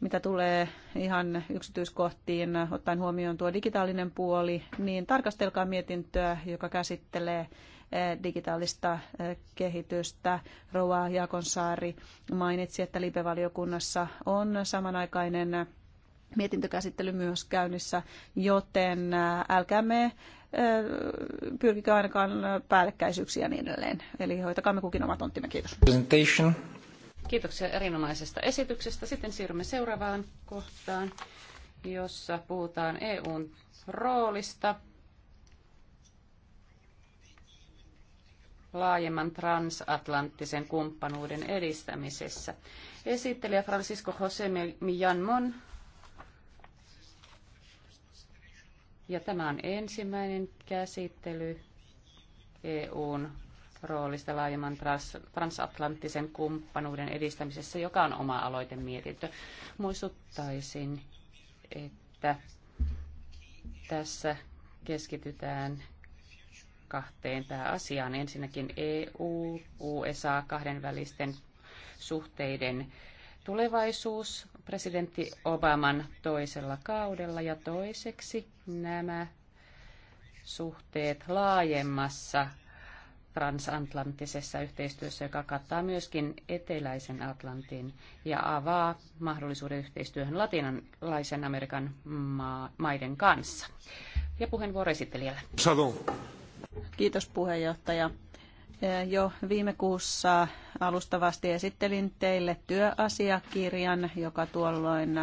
Speaker 3: Mitä tulee ihan yksityiskohtiin, ottaen huomioon tuo digitaalinen puoli, niin tarkastelkaa mietintöä, joka käsittelee eh, digitaalista eh, kehitystä. Roa Jakonsaari mainitsi, että lipevaliokunnassa on samanaikainen mietintökäsittely myös käynnissä, joten äh, älkäämme äh, pyrkikö ainakaan päällekkäisyyksiä ja niin edelleen. Eli me kukin oma tonttimme. Kiitos. Kiitoksia erinomaisesta
Speaker 1: esityksestä. Sitten siirrymme seuraavaan kohtaan, jossa puhutaan EUn roolista laajemman transatlanttisen kumppanuuden edistämisessä. Esittelijä Francisco José Millan Mon Ja tämä on ensimmäinen käsittely EUn roolista laajemman trans- transatlanttisen kumppanuuden edistämisessä, joka on oma aloitemietintö. Muistuttaisin, että tässä keskitytään kahteen pääasiaan. Ensinnäkin EU, USA, kahdenvälisten suhteiden tulevaisuus presidentti Obaman toisella kaudella ja toiseksi nämä suhteet laajemmassa transatlanttisessa yhteistyössä, joka kattaa myöskin eteläisen Atlantin ja avaa mahdollisuuden yhteistyöhön latinalaisen Amerikan maiden kanssa.
Speaker 3: Ja puheenvuoro esittelijälle. Kiitos puheenjohtaja. Eh, jo viime kuussa alustavasti esittelin teille työasiakirjan, joka tuolloin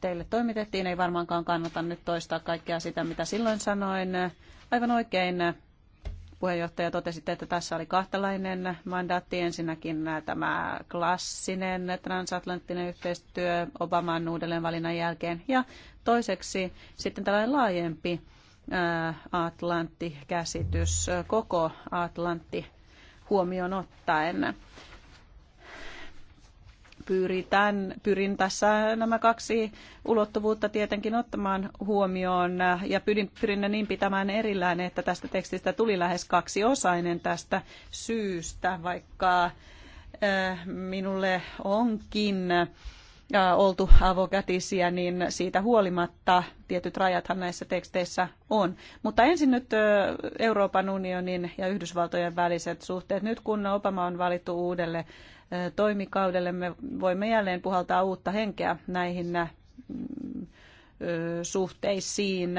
Speaker 3: teille toimitettiin. Ei varmaankaan kannata nyt toistaa kaikkea sitä, mitä silloin sanoin. Aivan oikein puheenjohtaja totesi, että tässä oli kahtalainen mandaatti. Ensinnäkin tämä klassinen transatlanttinen yhteistyö Obaman uudelleenvalinnan jälkeen ja toiseksi sitten tällainen laajempi Atlantti-käsitys, koko Atlantti huomioon ottaen. Pyritän, pyrin tässä nämä kaksi ulottuvuutta tietenkin ottamaan huomioon ja pyrin, pyrin ne niin pitämään erillään, että tästä tekstistä tuli lähes kaksi osainen tästä syystä, vaikka eh, minulle onkin oltu avokätisiä, niin siitä huolimatta tietyt rajathan näissä teksteissä on. Mutta ensin nyt Euroopan unionin ja Yhdysvaltojen väliset suhteet. Nyt kun Obama on valittu uudelle toimikaudelle, me voimme jälleen puhaltaa uutta henkeä näihin suhteisiin.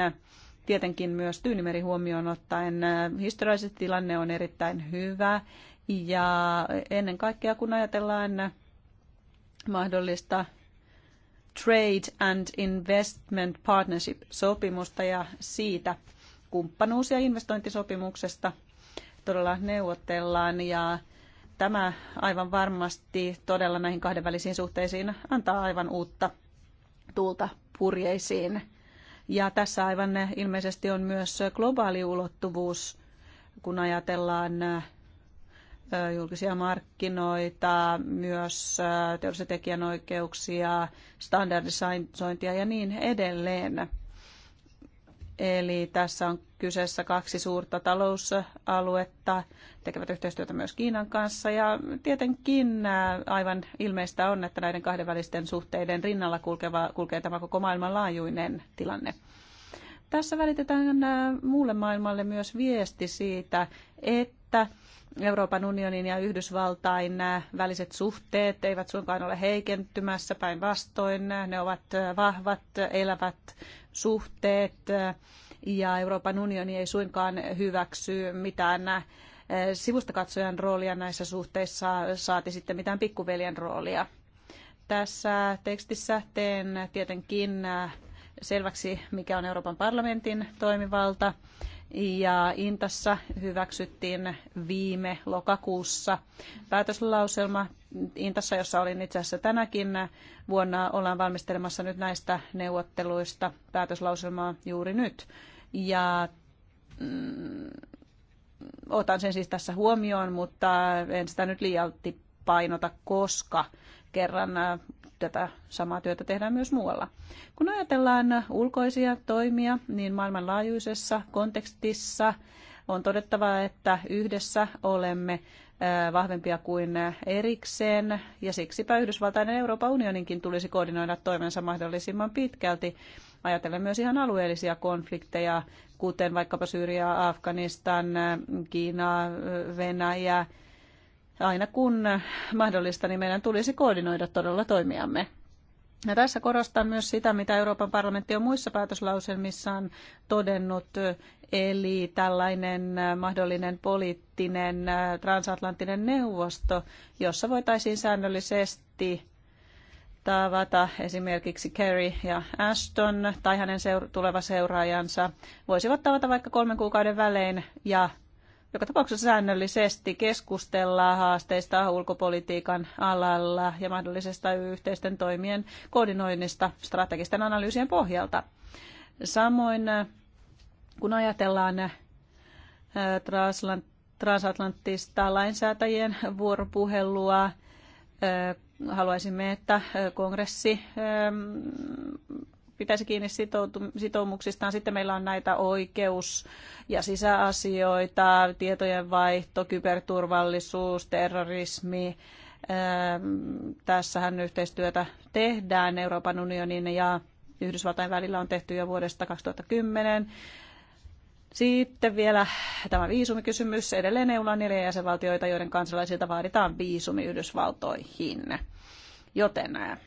Speaker 3: Tietenkin myös Tyynimeri huomioon ottaen historiallisesti tilanne on erittäin hyvä. Ja ennen kaikkea kun ajatellaan mahdollista Trade and Investment Partnership-sopimusta ja siitä kumppanuus- ja investointisopimuksesta todella neuvotellaan ja tämä aivan varmasti todella näihin kahdenvälisiin suhteisiin antaa aivan uutta tuulta purjeisiin. Ja tässä aivan ilmeisesti on myös globaali ulottuvuus, kun ajatellaan julkisia markkinoita, myös teollisen tekijänoikeuksia, standardisointia ja niin edelleen. Eli tässä on kyseessä kaksi suurta talousaluetta, tekevät yhteistyötä myös Kiinan kanssa. Ja tietenkin aivan ilmeistä on, että näiden kahdenvälisten suhteiden rinnalla kulkeva, kulkee tämä koko maailmanlaajuinen tilanne. Tässä välitetään muulle maailmalle myös viesti siitä, että Euroopan unionin ja Yhdysvaltain äh, väliset suhteet eivät suinkaan ole heikentymässä, päinvastoin äh, ne ovat äh, vahvat, elävät suhteet ja Euroopan unioni ei suinkaan hyväksy mitään sivustakatsojan roolia näissä suhteissa, saati sitten mitään pikkuveljen roolia. Tässä tekstissä teen tietenkin selväksi, mikä on Euroopan parlamentin toimivalta ja Intassa hyväksyttiin viime lokakuussa päätöslauselma. Intassa, jossa olin itse asiassa tänäkin vuonna, ollaan valmistelemassa nyt näistä neuvotteluista päätöslauselmaa juuri nyt. Ja mm, otan sen siis tässä huomioon, mutta en sitä nyt liialti painota, koska kerran äh, tätä samaa työtä tehdään myös muualla. Kun ajatellaan ulkoisia toimia, niin maailmanlaajuisessa kontekstissa on todettava, että yhdessä olemme vahvempia kuin erikseen, ja siksipä Yhdysvaltainen Euroopan unioninkin tulisi koordinoida toimensa mahdollisimman pitkälti. Ajatellen myös ihan alueellisia konflikteja, kuten vaikkapa Syyria, Afganistan, Kiina, Venäjä, aina kun mahdollista, niin meidän tulisi koordinoida todella toimiamme. Ja tässä korostan myös sitä, mitä Euroopan parlamentti on muissa päätöslauselmissaan todennut, eli tällainen mahdollinen poliittinen transatlanttinen neuvosto, jossa voitaisiin säännöllisesti tavata esimerkiksi Kerry ja Ashton tai hänen seura- tuleva seuraajansa voisivat tavata vaikka kolmen kuukauden välein ja joka tapauksessa säännöllisesti keskustellaan haasteista ulkopolitiikan alalla ja mahdollisesta yhteisten toimien koordinoinnista strategisten analyysien pohjalta. Samoin äh, kun ajatellaan äh, transatlanttista lainsäätäjien vuoropuhelua, äh, haluaisimme, että kongressi ähm, pitäisi kiinni sitoumuksistaan. Sitten meillä on näitä oikeus- ja sisäasioita, tietojen kyberturvallisuus, terrorismi. Ähm, tässähän yhteistyötä tehdään Euroopan unionin ja Yhdysvaltain välillä on tehty jo vuodesta 2010. Sitten vielä tämä viisumikysymys. Edelleen EUlla on neljä jäsenvaltioita, joiden kansalaisilta vaaditaan viisumi Yhdysvaltoihin. Joten äh,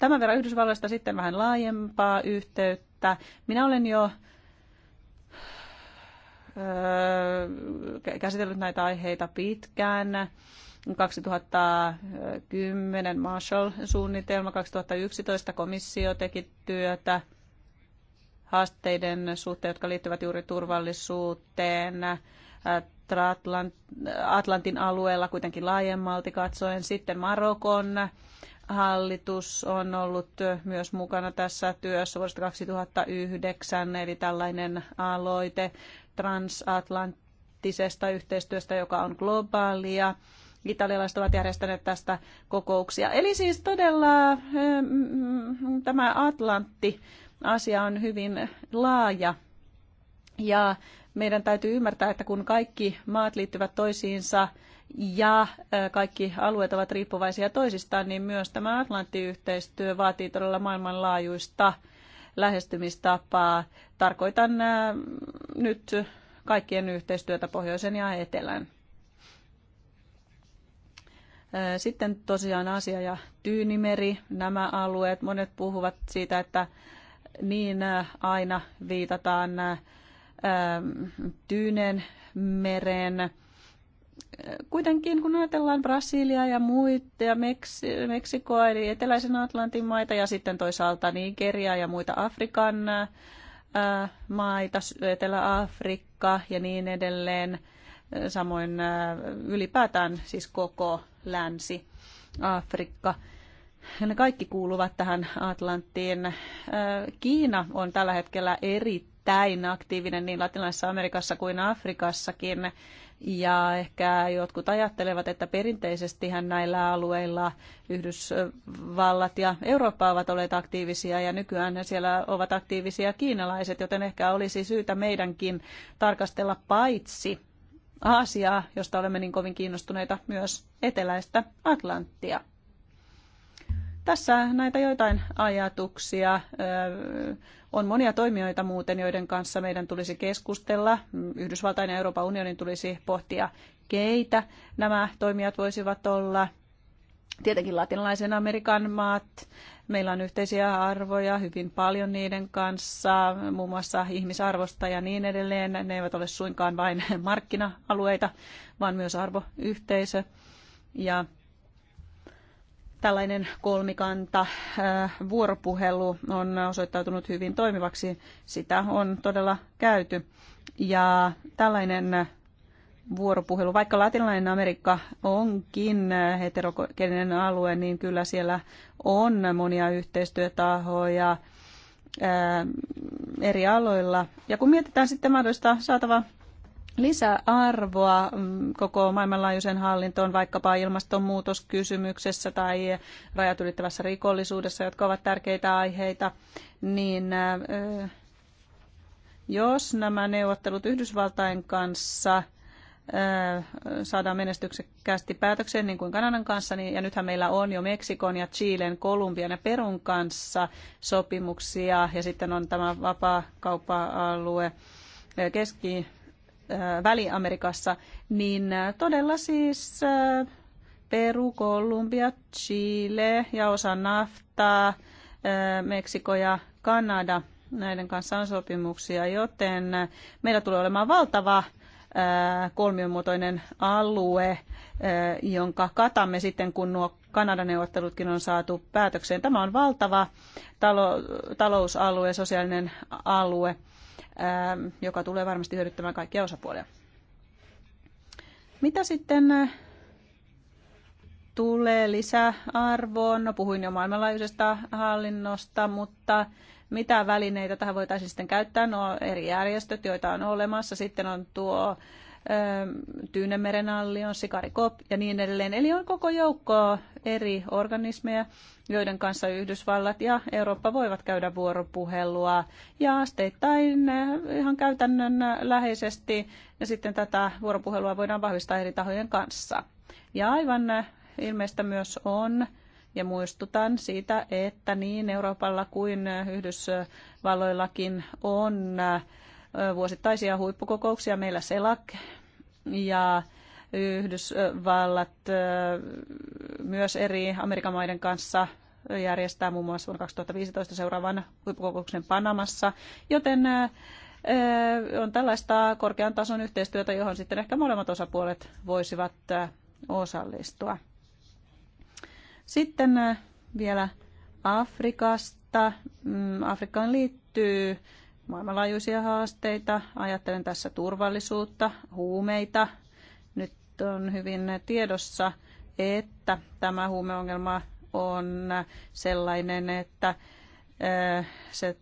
Speaker 3: Tämän verran Yhdysvalloista sitten vähän laajempaa yhteyttä. Minä olen jo öö, käsitellyt näitä aiheita pitkään. 2010 Marshall-suunnitelma, 2011 komissio teki työtä haasteiden suhteen, jotka liittyvät juuri turvallisuuteen. Atlantin alueella kuitenkin laajemmalti katsoen. Sitten Marokon hallitus on ollut myös mukana tässä työssä vuodesta 2009, eli tällainen aloite transatlanttisesta yhteistyöstä, joka on globaalia. Italialaiset ovat järjestäneet tästä kokouksia. Eli siis todella mm, mm, tämä Atlantti-asia on hyvin laaja ja meidän täytyy ymmärtää, että kun kaikki maat liittyvät toisiinsa, ja kaikki alueet ovat riippuvaisia toisistaan, niin myös tämä Atlantti-yhteistyö vaatii todella maailmanlaajuista lähestymistapaa. Tarkoitan nyt kaikkien yhteistyötä pohjoisen ja etelän. Sitten tosiaan Asia ja Tyynimeri, nämä alueet, monet puhuvat siitä, että niin aina viitataan Tyynen meren kuitenkin kun ajatellaan Brasiliaa ja muita ja Meksi- Meksikoa eli eteläisen Atlantin maita ja sitten toisaalta Nigeria ja muita Afrikan ää, äh, maita, Etelä-Afrikka ja niin edelleen, äh, samoin ää, äh, ylipäätään siis koko Länsi-Afrikka. Ne kaikki kuuluvat tähän Atlanttiin. Ää, Kiina on tällä hetkellä eri erittäin aktiivinen niin Latinalaisessa Amerikassa kuin Afrikassakin. Ja ehkä jotkut ajattelevat, että perinteisesti näillä alueilla Yhdysvallat ja Eurooppa ovat olleet aktiivisia ja nykyään siellä ovat aktiivisia kiinalaiset, joten ehkä olisi syytä meidänkin tarkastella paitsi Aasiaa, josta olemme niin kovin kiinnostuneita, myös eteläistä Atlanttia. Tässä näitä joitain ajatuksia on monia toimijoita muuten, joiden kanssa meidän tulisi keskustella. Yhdysvaltain ja Euroopan unionin tulisi pohtia, keitä nämä toimijat voisivat olla. Tietenkin latinalaisen Amerikan maat. Meillä on yhteisiä arvoja hyvin paljon niiden kanssa, muun muassa ihmisarvosta ja niin edelleen. Ne eivät ole suinkaan vain markkina-alueita, vaan myös arvoyhteisö. Ja tällainen kolmikanta vuoropuhelu on osoittautunut hyvin toimivaksi. Sitä on todella käyty. Ja tällainen vuoropuhelu, vaikka latinalainen Amerikka onkin heterogeninen alue, niin kyllä siellä on monia yhteistyötahoja eri aloilla. Ja kun mietitään sitten mahdollista saatava lisäarvoa mm, koko maailmanlaajuisen hallintoon, vaikkapa ilmastonmuutoskysymyksessä tai rajat ylittävässä rikollisuudessa, jotka ovat tärkeitä aiheita, niin äh, jos nämä neuvottelut Yhdysvaltain kanssa äh, saadaan menestyksekkäästi päätökseen, niin kuin Kanadan kanssa, niin, ja nythän meillä on jo Meksikon ja Chilen, Kolumbian ja Perun kanssa sopimuksia, ja sitten on tämä vapaa kauppa-alue, äh, keski Väli-Amerikassa, niin todella siis Peru, Kolumbia, Chile ja osa naftaa, Meksiko ja Kanada. Näiden kanssa on sopimuksia, joten meillä tulee olemaan valtava kolmiomuotoinen alue, jonka katamme sitten, kun nuo Kanadan neuvottelutkin on saatu päätökseen. Tämä on valtava talo, talousalue, sosiaalinen alue Ähm, joka tulee varmasti hyödyttämään kaikkia osapuolia. Mitä sitten äh, tulee lisäarvoon? No, puhuin jo maailmanlaajuisesta hallinnosta, mutta mitä välineitä tähän voitaisiin sitten käyttää? No eri järjestöt, joita on olemassa. Sitten on tuo Tyynemeren allion, sikarikop ja niin edelleen. Eli on koko joukko eri organismeja, joiden kanssa Yhdysvallat ja Eurooppa voivat käydä vuoropuhelua ja asteittain eh, ihan käytännön läheisesti ja sitten tätä vuoropuhelua voidaan vahvistaa eri tahojen kanssa. Ja aivan eh, ilmeistä myös on, ja muistutan siitä, että niin Euroopalla kuin Yhdysvalloillakin on eh, vuosittaisia huippukokouksia. Meillä SELAC ja Yhdysvallat myös eri Amerikan maiden kanssa järjestää muun muassa vuonna 2015 seuraavan huippukokouksen Panamassa, joten on tällaista korkean tason yhteistyötä, johon sitten ehkä molemmat osapuolet voisivat osallistua. Sitten vielä Afrikasta. Mm, Afrikkaan liittyy maailmanlaajuisia haasteita. Ajattelen tässä turvallisuutta, huumeita. Nyt on hyvin tiedossa, että tämä huumeongelma on sellainen, että eh, se,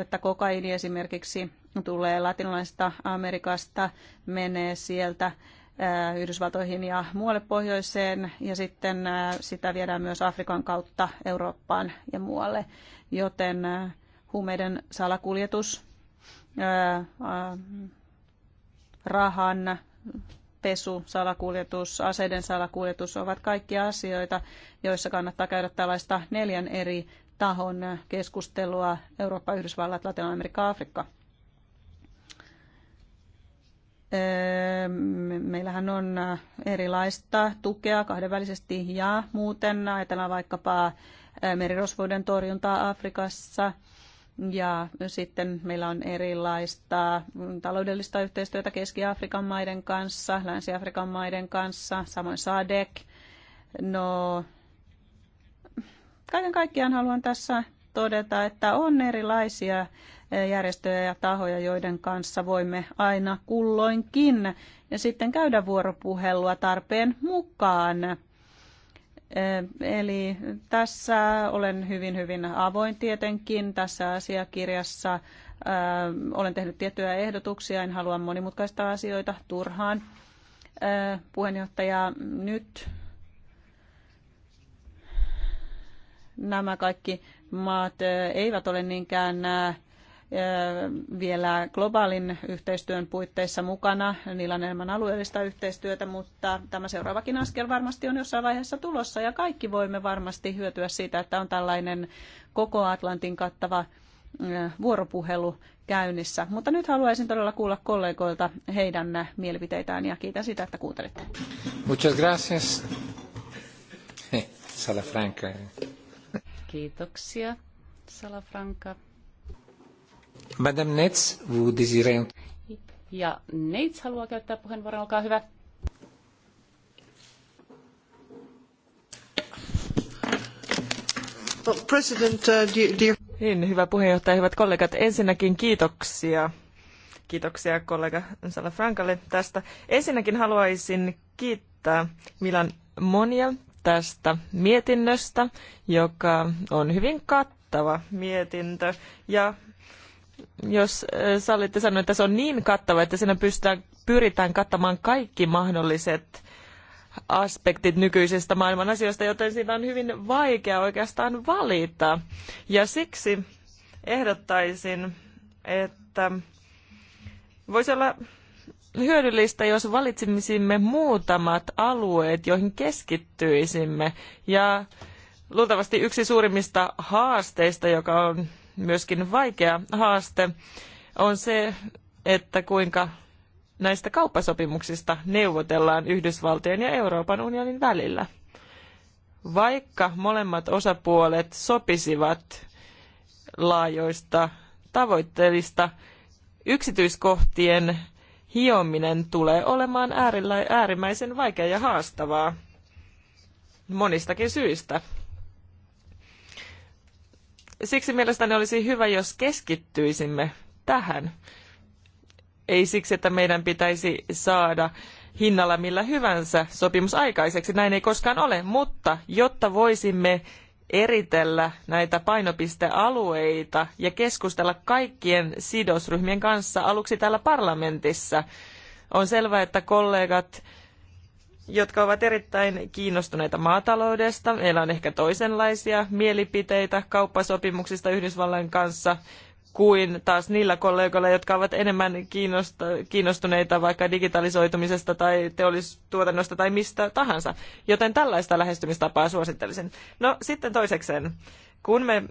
Speaker 3: että kokaini esimerkiksi tulee latinalaisesta Amerikasta, menee sieltä eh, Yhdysvaltoihin ja muualle pohjoiseen ja sitten eh, sitä viedään myös Afrikan kautta Eurooppaan ja muualle. Joten huumeiden salakuljetus, rahan pesu, salakuljetus, aseiden salakuljetus ovat kaikki asioita, joissa kannattaa käydä tällaista neljän eri tahon keskustelua Eurooppa, Yhdysvallat, Latinalamerikka, Afrikka. Meillähän on erilaista tukea kahdenvälisesti ja muuten. Ajatellaan vaikkapa merirosvoiden torjuntaa Afrikassa – ja sitten meillä on erilaista taloudellista yhteistyötä Keski-Afrikan maiden kanssa, Länsi-Afrikan maiden kanssa, samoin SADEC. No, kaiken kaikkiaan haluan tässä todeta, että on erilaisia e, järjestöjä ja tahoja, joiden kanssa voimme aina kulloinkin ja sitten käydä vuoropuhelua tarpeen mukaan Eli tässä olen hyvin, hyvin avoin tietenkin tässä asiakirjassa. Olen tehnyt tiettyjä ehdotuksia, en halua monimutkaista asioita turhaan. Puheenjohtaja, nyt nämä kaikki maat eivät ole niinkään vielä globaalin yhteistyön puitteissa mukana. Niillä on enemmän alueellista yhteistyötä, mutta tämä seuraavakin askel varmasti on jossain vaiheessa tulossa ja kaikki voimme varmasti hyötyä siitä, että on tällainen koko Atlantin kattava vuoropuhelu käynnissä. Mutta nyt haluaisin todella kuulla kollegoilta heidän mielipiteitään ja kiitän sitä, että kuuntelitte.
Speaker 2: Muchas gracias. <laughs> Salafranca.
Speaker 1: Kiitoksia, Salafranca.
Speaker 4: Madame Nets, vous désirez...
Speaker 1: Ja Neits haluaa käyttää puheenvuoron, olkaa hyvä.
Speaker 4: President, uh, dear. Niin, hyvä puheenjohtaja, hyvät kollegat. Ensinnäkin kiitoksia. Kiitoksia kollega Sala Frankalle tästä. Ensinnäkin haluaisin kiittää Milan Monia tästä mietinnöstä, joka on hyvin kattava mietintö ja jos äh, sallitte sanoa, että se on niin kattava, että siinä pystytään, pyritään kattamaan kaikki mahdolliset aspektit nykyisestä maailman asioista, joten siitä on hyvin vaikea oikeastaan valita. Ja siksi ehdottaisin, että voisi olla hyödyllistä, jos valitsisimme muutamat alueet, joihin keskittyisimme. Ja luultavasti yksi suurimmista haasteista, joka on myöskin vaikea haaste, on se, että kuinka näistä kauppasopimuksista neuvotellaan Yhdysvaltojen ja Euroopan unionin välillä. Vaikka molemmat osapuolet sopisivat laajoista tavoitteista, yksityiskohtien hiominen tulee olemaan äärimmäisen vaikeaa ja haastavaa monistakin syistä. Siksi mielestäni olisi hyvä, jos keskittyisimme tähän. Ei siksi, että meidän pitäisi saada hinnalla millä hyvänsä sopimus aikaiseksi. Näin ei koskaan ole, mutta jotta voisimme eritellä näitä painopistealueita ja keskustella kaikkien sidosryhmien kanssa aluksi täällä parlamentissa. On selvää, että kollegat jotka ovat erittäin kiinnostuneita maataloudesta. Meillä on ehkä toisenlaisia mielipiteitä kauppasopimuksista Yhdysvallan kanssa kuin taas niillä kollegoilla, jotka ovat enemmän kiinnostuneita vaikka digitalisoitumisesta tai teollistuotannosta tai mistä tahansa. Joten tällaista lähestymistapaa suosittelisin. No sitten toisekseen, kun me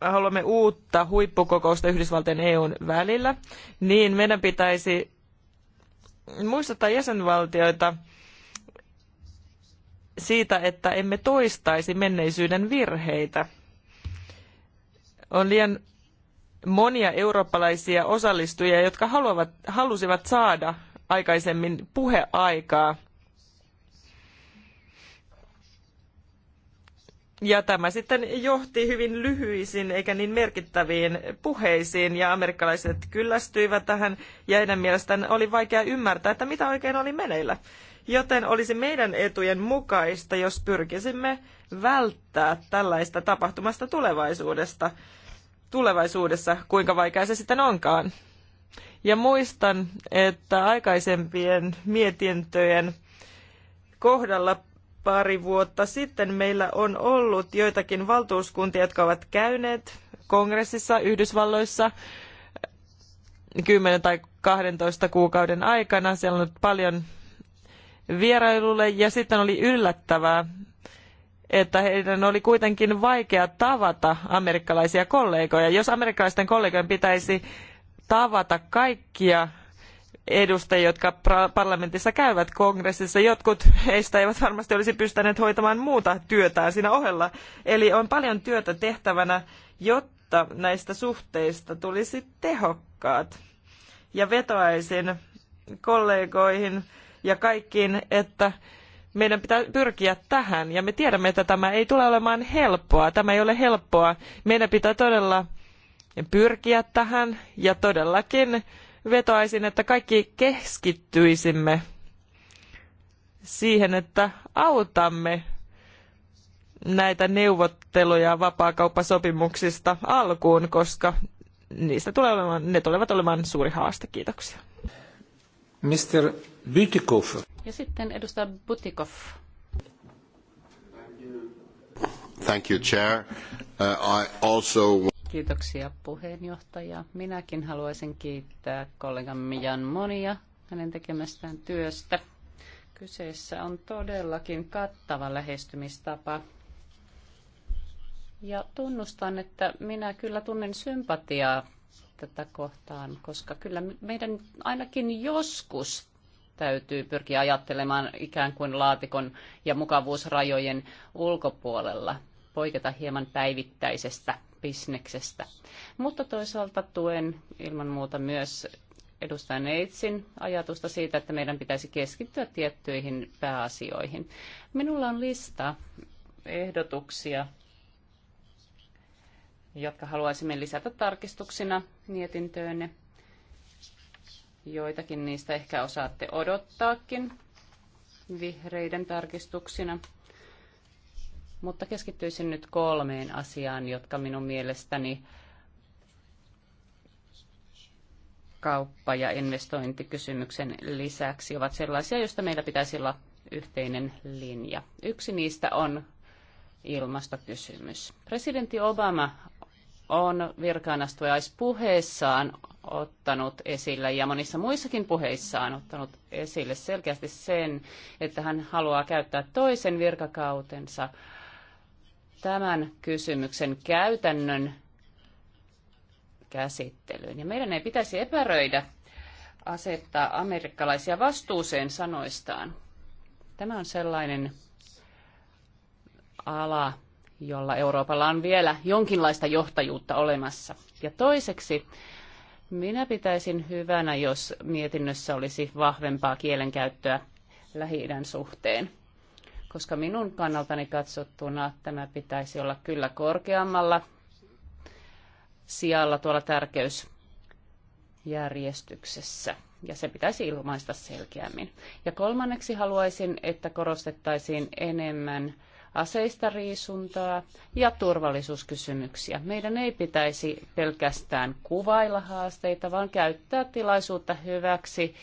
Speaker 4: haluamme uutta huippukokousta Yhdysvaltojen EUn välillä, niin meidän pitäisi muistuttaa jäsenvaltioita siitä, että emme toistaisi menneisyyden virheitä. On liian monia eurooppalaisia osallistujia, jotka haluavat, halusivat saada aikaisemmin puheaikaa Ja tämä sitten johti hyvin lyhyisiin eikä niin merkittäviin puheisiin ja amerikkalaiset kyllästyivät tähän ja heidän mielestään oli vaikea ymmärtää, että mitä oikein oli meneillä. Joten olisi meidän etujen mukaista, jos pyrkisimme välttää tällaista tapahtumasta tulevaisuudesta, tulevaisuudessa, kuinka vaikea se sitten onkaan. Ja muistan, että aikaisempien mietintöjen kohdalla pari vuotta sitten meillä on ollut joitakin valtuuskuntia, jotka ovat käyneet kongressissa Yhdysvalloissa 10 eh, tai 12 kuukauden aikana. Siellä on ollut paljon vierailulle ja sitten oli yllättävää, että heidän oli kuitenkin vaikea tavata amerikkalaisia kollegoja. Jos amerikkalaisten kollegojen pitäisi tavata kaikkia edustajia, jotka parlamentissa käyvät kongressissa. Jotkut heistä eivät varmasti olisi pystyneet hoitamaan muuta työtään siinä ohella. Eli on paljon työtä tehtävänä, jotta näistä suhteista tulisi tehokkaat. Ja vetoaisin kollegoihin ja kaikkiin, että meidän pitää pyrkiä tähän. Ja me tiedämme, että tämä ei tule olemaan helppoa. Tämä ei ole helppoa. Meidän pitää todella pyrkiä tähän ja todellakin vetoaisin, että kaikki keskittyisimme siihen, että autamme näitä neuvotteluja vapaakauppasopimuksista alkuun, koska niistä tulee olemaan, ne tulevat olemaan suuri haaste. Kiitoksia. Mr. Butikov.
Speaker 1: Ja sitten edustaja Butikov.
Speaker 4: Thank you, Chair. Uh, I also...
Speaker 1: Kiitoksia puheenjohtaja. Minäkin haluaisin kiittää kollegamme Jan Monia hänen tekemästään työstä. Kyseessä on todellakin kattava lähestymistapa. Ja tunnustan, että minä kyllä tunnen sympatiaa tätä kohtaan, koska kyllä meidän ainakin joskus täytyy pyrkiä ajattelemaan ikään kuin laatikon ja mukavuusrajojen ulkopuolella, poiketa hieman päivittäisestä bisneksestä. Mutta toisaalta tuen ilman muuta myös edustaja Neitsin ajatusta siitä, että meidän pitäisi keskittyä tiettyihin pääasioihin. Minulla on lista ehdotuksia, jotka haluaisimme lisätä tarkistuksina mietintöönne. Joitakin niistä ehkä osaatte odottaakin vihreiden tarkistuksina mutta keskittyisin nyt kolmeen asiaan, jotka minun mielestäni kauppa- ja investointikysymyksen lisäksi ovat sellaisia, joista meillä pitäisi olla yhteinen linja. Yksi niistä on ilmastokysymys. Presidentti Obama on virkaanastujaispuheessaan ottanut esille ja monissa muissakin puheissaan ottanut esille selkeästi sen, että hän haluaa käyttää toisen virkakautensa tämän kysymyksen käytännön käsittelyyn. Ja meidän ei pitäisi epäröidä asettaa amerikkalaisia vastuuseen sanoistaan. Tämä on sellainen ala, jolla Euroopalla on vielä jonkinlaista johtajuutta olemassa. Ja toiseksi, minä pitäisin hyvänä, jos mietinnössä olisi vahvempaa kielenkäyttöä lähi suhteen koska minun kannaltani katsottuna tämä pitäisi olla kyllä korkeammalla sijalla tuolla tärkeysjärjestyksessä ja se pitäisi ilmaista selkeämmin. Ja kolmanneksi haluaisin, että korostettaisiin enemmän aseista riisuntaa ja turvallisuuskysymyksiä. Meidän ei pitäisi pelkästään kuvailla haasteita, vaan käyttää tilaisuutta hyväksi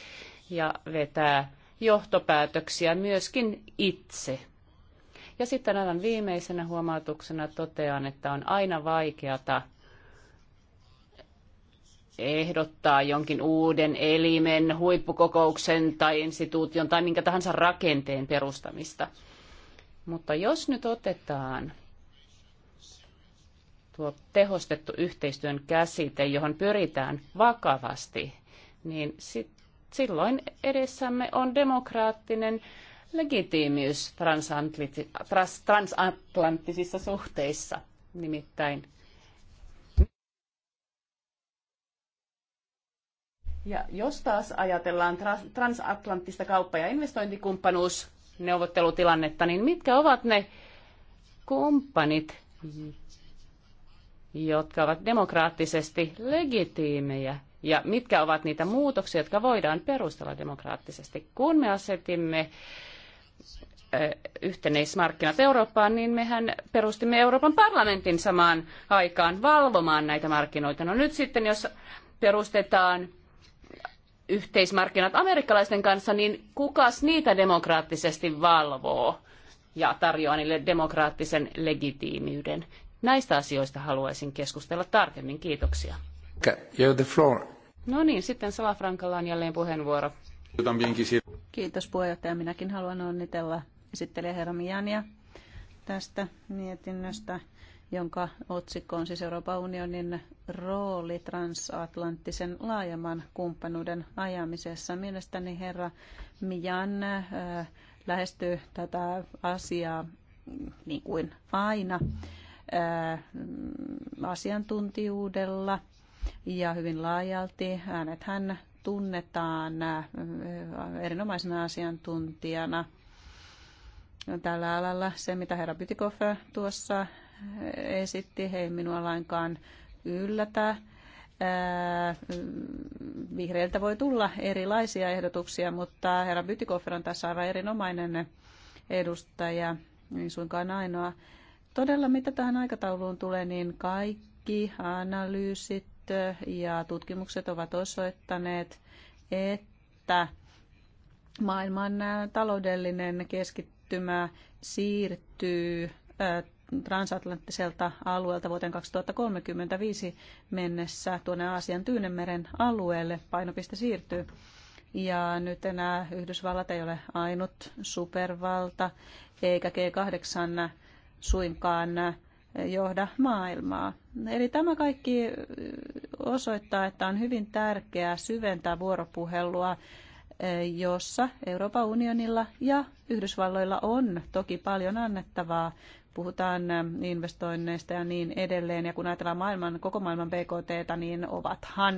Speaker 1: ja vetää johtopäätöksiä myöskin itse. Ja sitten aivan viimeisenä huomautuksena totean, että on aina vaikeata ehdottaa jonkin uuden elimen, huippukokouksen tai instituution tai minkä tahansa rakenteen perustamista. Mutta jos nyt otetaan tuo tehostettu yhteistyön käsite, johon pyritään vakavasti, niin sitten silloin edessämme on demokraattinen legitiimiys transatlanttisissa suhteissa. Nimittäin Ja jos taas ajatellaan transatlanttista kauppa- ja investointikumppanuusneuvottelutilannetta, niin mitkä ovat ne kumppanit, jotka ovat demokraattisesti legitiimejä ja mitkä ovat niitä muutoksia, jotka voidaan perustella demokraattisesti. Kun me asetimme yhteneismarkkinat Eurooppaan, niin mehän perustimme Euroopan parlamentin samaan aikaan valvomaan näitä markkinoita. No nyt sitten, jos perustetaan yhteismarkkinat amerikkalaisten kanssa, niin kukas niitä demokraattisesti valvoo ja tarjoaa niille demokraattisen legitiimiyden? Näistä asioista haluaisin keskustella tarkemmin. Kiitoksia. Okay,
Speaker 4: the floor.
Speaker 3: No niin, sitten Salafrankalla on jälleen puheenvuoro. Kiitos puheenjohtaja. Minäkin haluan onnitella esittelijä herra Miania tästä mietinnöstä, jonka otsikko on siis Euroopan unionin rooli transatlanttisen laajemman kumppanuuden ajamisessa. Mielestäni herra Mian äh, lähestyy tätä asiaa niin kuin aina äh, asiantuntijuudella – ja hyvin laajalti äänet hän tunnetaan äh, erinomaisena asiantuntijana no, tällä alalla. Se, mitä herra Pytikoff tuossa äh, esitti, ei minua lainkaan yllätä. Äh, vihreiltä voi tulla erilaisia ehdotuksia, mutta herra Bytikoff on tässä aivan erinomainen edustaja, niin suinkaan ainoa. Todella mitä tähän aikatauluun tulee, niin kaikki analyysit ja tutkimukset ovat osoittaneet, että maailman taloudellinen keskittymä siirtyy transatlanttiselta alueelta vuoteen 2035 mennessä tuonne Aasian Tyynemeren alueelle painopiste siirtyy. Ja nyt enää Yhdysvallat ei ole ainut supervalta, eikä G8 suinkaan johda maailmaa. Eli tämä kaikki osoittaa, että on hyvin tärkeää syventää vuoropuhelua, jossa Euroopan unionilla ja Yhdysvalloilla on toki paljon annettavaa. Puhutaan investoinneista ja niin edelleen. Ja kun ajatellaan maailman, koko maailman BKT, niin ovathan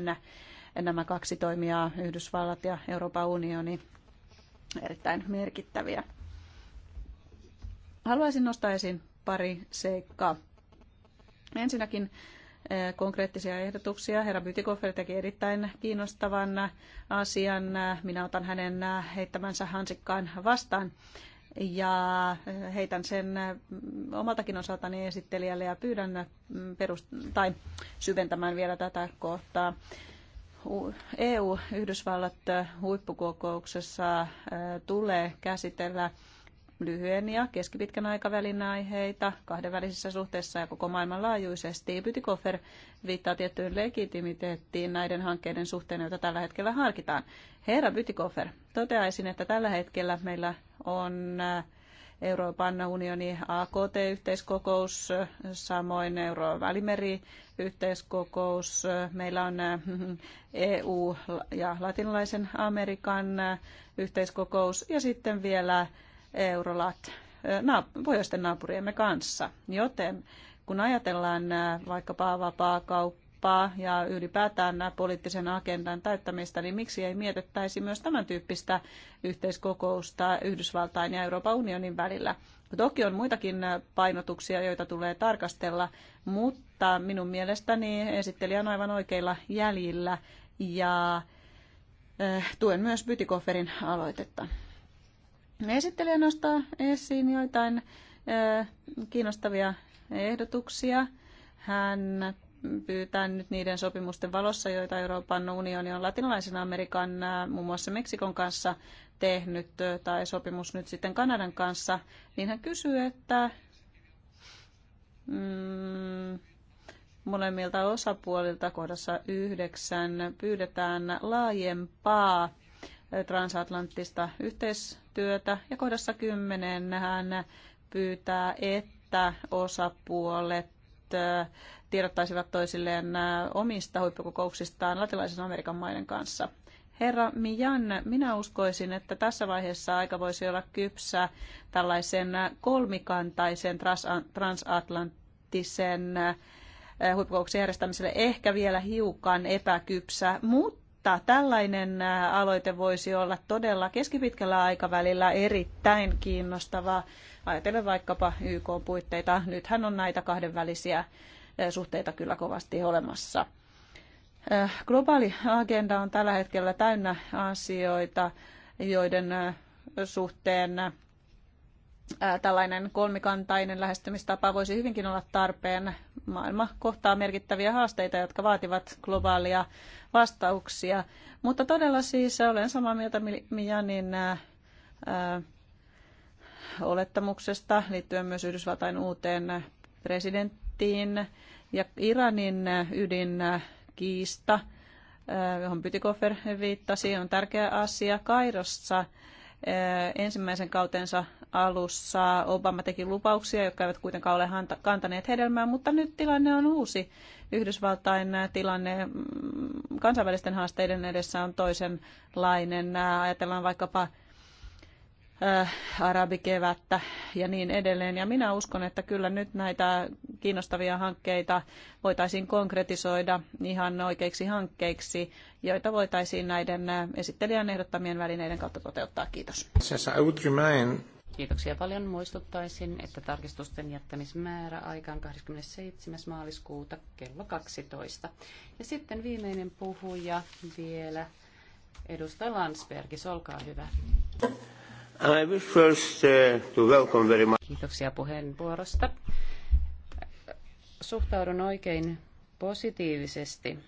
Speaker 3: nämä kaksi toimijaa, Yhdysvallat ja Euroopan unioni, erittäin merkittäviä. Haluaisin nostaa esiin pari seikkaa. Ensinnäkin eh, konkreettisia ehdotuksia. Herra Bytikofer teki erittäin kiinnostavan asian. Minä otan hänen heittämänsä hansikkaan vastaan ja eh, heitän sen mm, omaltakin osaltani esittelijälle ja pyydän mm, perust- tai syventämään vielä tätä kohtaa. EU-Yhdysvallat huippukokouksessa eh, tulee käsitellä lyhyen ja keskipitkän aikavälin aiheita kahdenvälisissä suhteissa ja koko laajuisesti. Bytikofer viittaa tiettyyn legitimiteettiin näiden hankkeiden suhteen, joita tällä hetkellä harkitaan. Herra Bytikofer, toteaisin, että tällä hetkellä meillä on äh, Euroopan unionin AKT-yhteiskokous, äh, samoin Euroopan välimeri yhteiskokous äh, Meillä on <laughs> EU- ja latinalaisen Amerikan yhteiskokous ja sitten vielä eurolat pohjoisten naapuriemme kanssa. Joten kun ajatellaan vaikkapa vapaa kauppaa ja ylipäätään poliittisen agendan täyttämistä, niin miksi ei mietittäisi myös tämän tyyppistä yhteiskokousta Yhdysvaltain ja Euroopan unionin välillä? Toki on muitakin painotuksia, joita tulee tarkastella, mutta minun mielestäni esittelijä on aivan oikeilla jäljillä ja tuen myös Bytikofferin aloitetta. Esittelijä nostaa esiin joitain kiinnostavia ehdotuksia. Hän pyytää nyt niiden sopimusten valossa, joita Euroopan unioni on latinalaisen Amerikan muun muassa Meksikon kanssa tehnyt, tai sopimus nyt sitten Kanadan kanssa, niin hän kysyy, että mm, molemmilta osapuolilta kohdassa yhdeksän pyydetään laajempaa transatlanttista yhteistyötä. Ja kohdassa 10 hän pyytää, että osapuolet tiedottaisivat toisilleen omista huippukokouksistaan latinalaisen Amerikan maiden kanssa. Herra Mijan, minä uskoisin, että tässä vaiheessa aika voisi olla kypsä tällaisen kolmikantaisen transatlanttisen huippukokouksen järjestämiselle ehkä vielä hiukan epäkypsä, mutta mutta tällainen aloite voisi olla todella keskipitkällä aikavälillä erittäin kiinnostavaa. Ajatellen vaikkapa YK-puitteita. Nythän on näitä kahdenvälisiä suhteita kyllä kovasti olemassa. Globaali agenda on tällä hetkellä täynnä asioita, joiden suhteen tällainen kolmikantainen lähestymistapa voisi hyvinkin olla tarpeen. Maailma kohtaa merkittäviä haasteita, jotka vaativat globaalia vastauksia. Mutta todella siis olen samaa mieltä ää, olettamuksesta liittyen myös Yhdysvaltain uuteen presidenttiin ja Iranin ydinkiista, johon Pytikofer viittasi, on tärkeä asia Kairossa ensimmäisen kautensa alussa Obama teki lupauksia, jotka eivät kuitenkaan ole kantaneet hedelmää, mutta nyt tilanne on uusi. Yhdysvaltain tilanne mm, kansainvälisten haasteiden edessä on toisenlainen. Ajatellaan vaikkapa äh, arabikevättä ja niin edelleen. Ja minä uskon, että kyllä nyt näitä kiinnostavia hankkeita voitaisiin konkretisoida ihan oikeiksi hankkeiksi, joita voitaisiin näiden äh, esittelijän ehdottamien välineiden kautta toteuttaa. Kiitos. Kiitoksia paljon. Muistuttaisin, että tarkistusten jättämismäärä
Speaker 1: aika on 27. maaliskuuta kello 12. Ja sitten viimeinen puhuja vielä, edustaja Landsbergis, olkaa hyvä.
Speaker 4: I wish first uh, to welcome very much.
Speaker 1: Kiitoksia puheenvuorosta. Suhtaudun oikein positiivisesti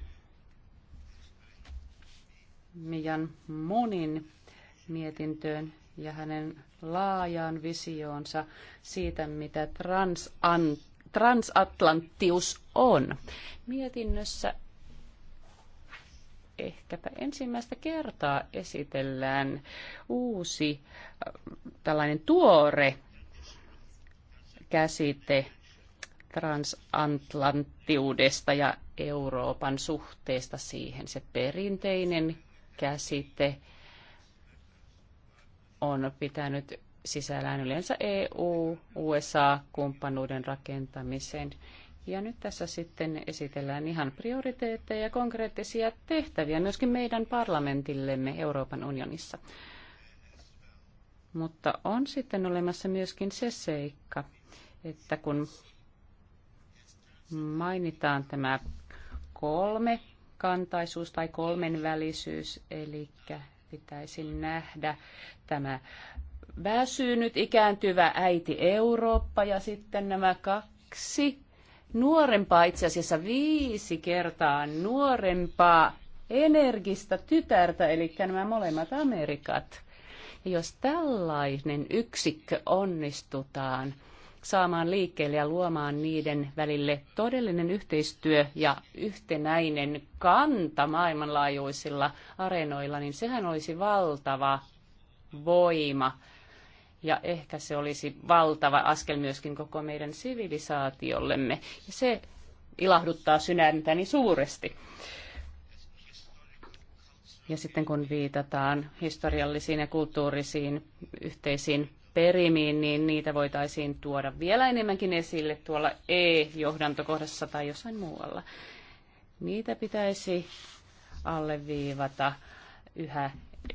Speaker 1: Mian Monin mietintöön ja hänen laajaan visioonsa siitä, mitä transan, transatlanttius on. Mietinnössä ehkäpä ensimmäistä kertaa esitellään uusi äh, tällainen tuore käsite transatlanttiudesta ja Euroopan suhteesta siihen. Se perinteinen käsite on pitänyt sisällään yleensä EU-USA-kumppanuuden rakentamisen. Ja nyt tässä sitten esitellään ihan prioriteetteja ja konkreettisia tehtäviä myöskin meidän parlamentillemme Euroopan unionissa. Mutta on sitten olemassa myöskin se seikka, että kun mainitaan tämä kolme kantaisuus tai kolmen välisyys, eli pitäisi nähdä tämä väsynyt ikääntyvä äiti Eurooppa ja sitten nämä kaksi nuorempaa, itse asiassa viisi kertaa nuorempaa energista tytärtä, eli nämä molemmat Amerikat. Ja jos tällainen yksikkö onnistutaan saamaan liikkeelle ja luomaan niiden välille todellinen yhteistyö ja yhtenäinen kanta maailmanlaajuisilla areenoilla, niin sehän olisi valtava voima. Ja ehkä se olisi valtava askel myöskin koko meidän sivilisaatiollemme. Ja se ilahduttaa sydäntäni suuresti. Ja sitten kun viitataan historiallisiin ja kulttuurisiin yhteisiin perimiin, niin niitä voitaisiin tuoda vielä enemmänkin esille tuolla E-johdantokohdassa tai jossain muualla. Niitä pitäisi alleviivata yhä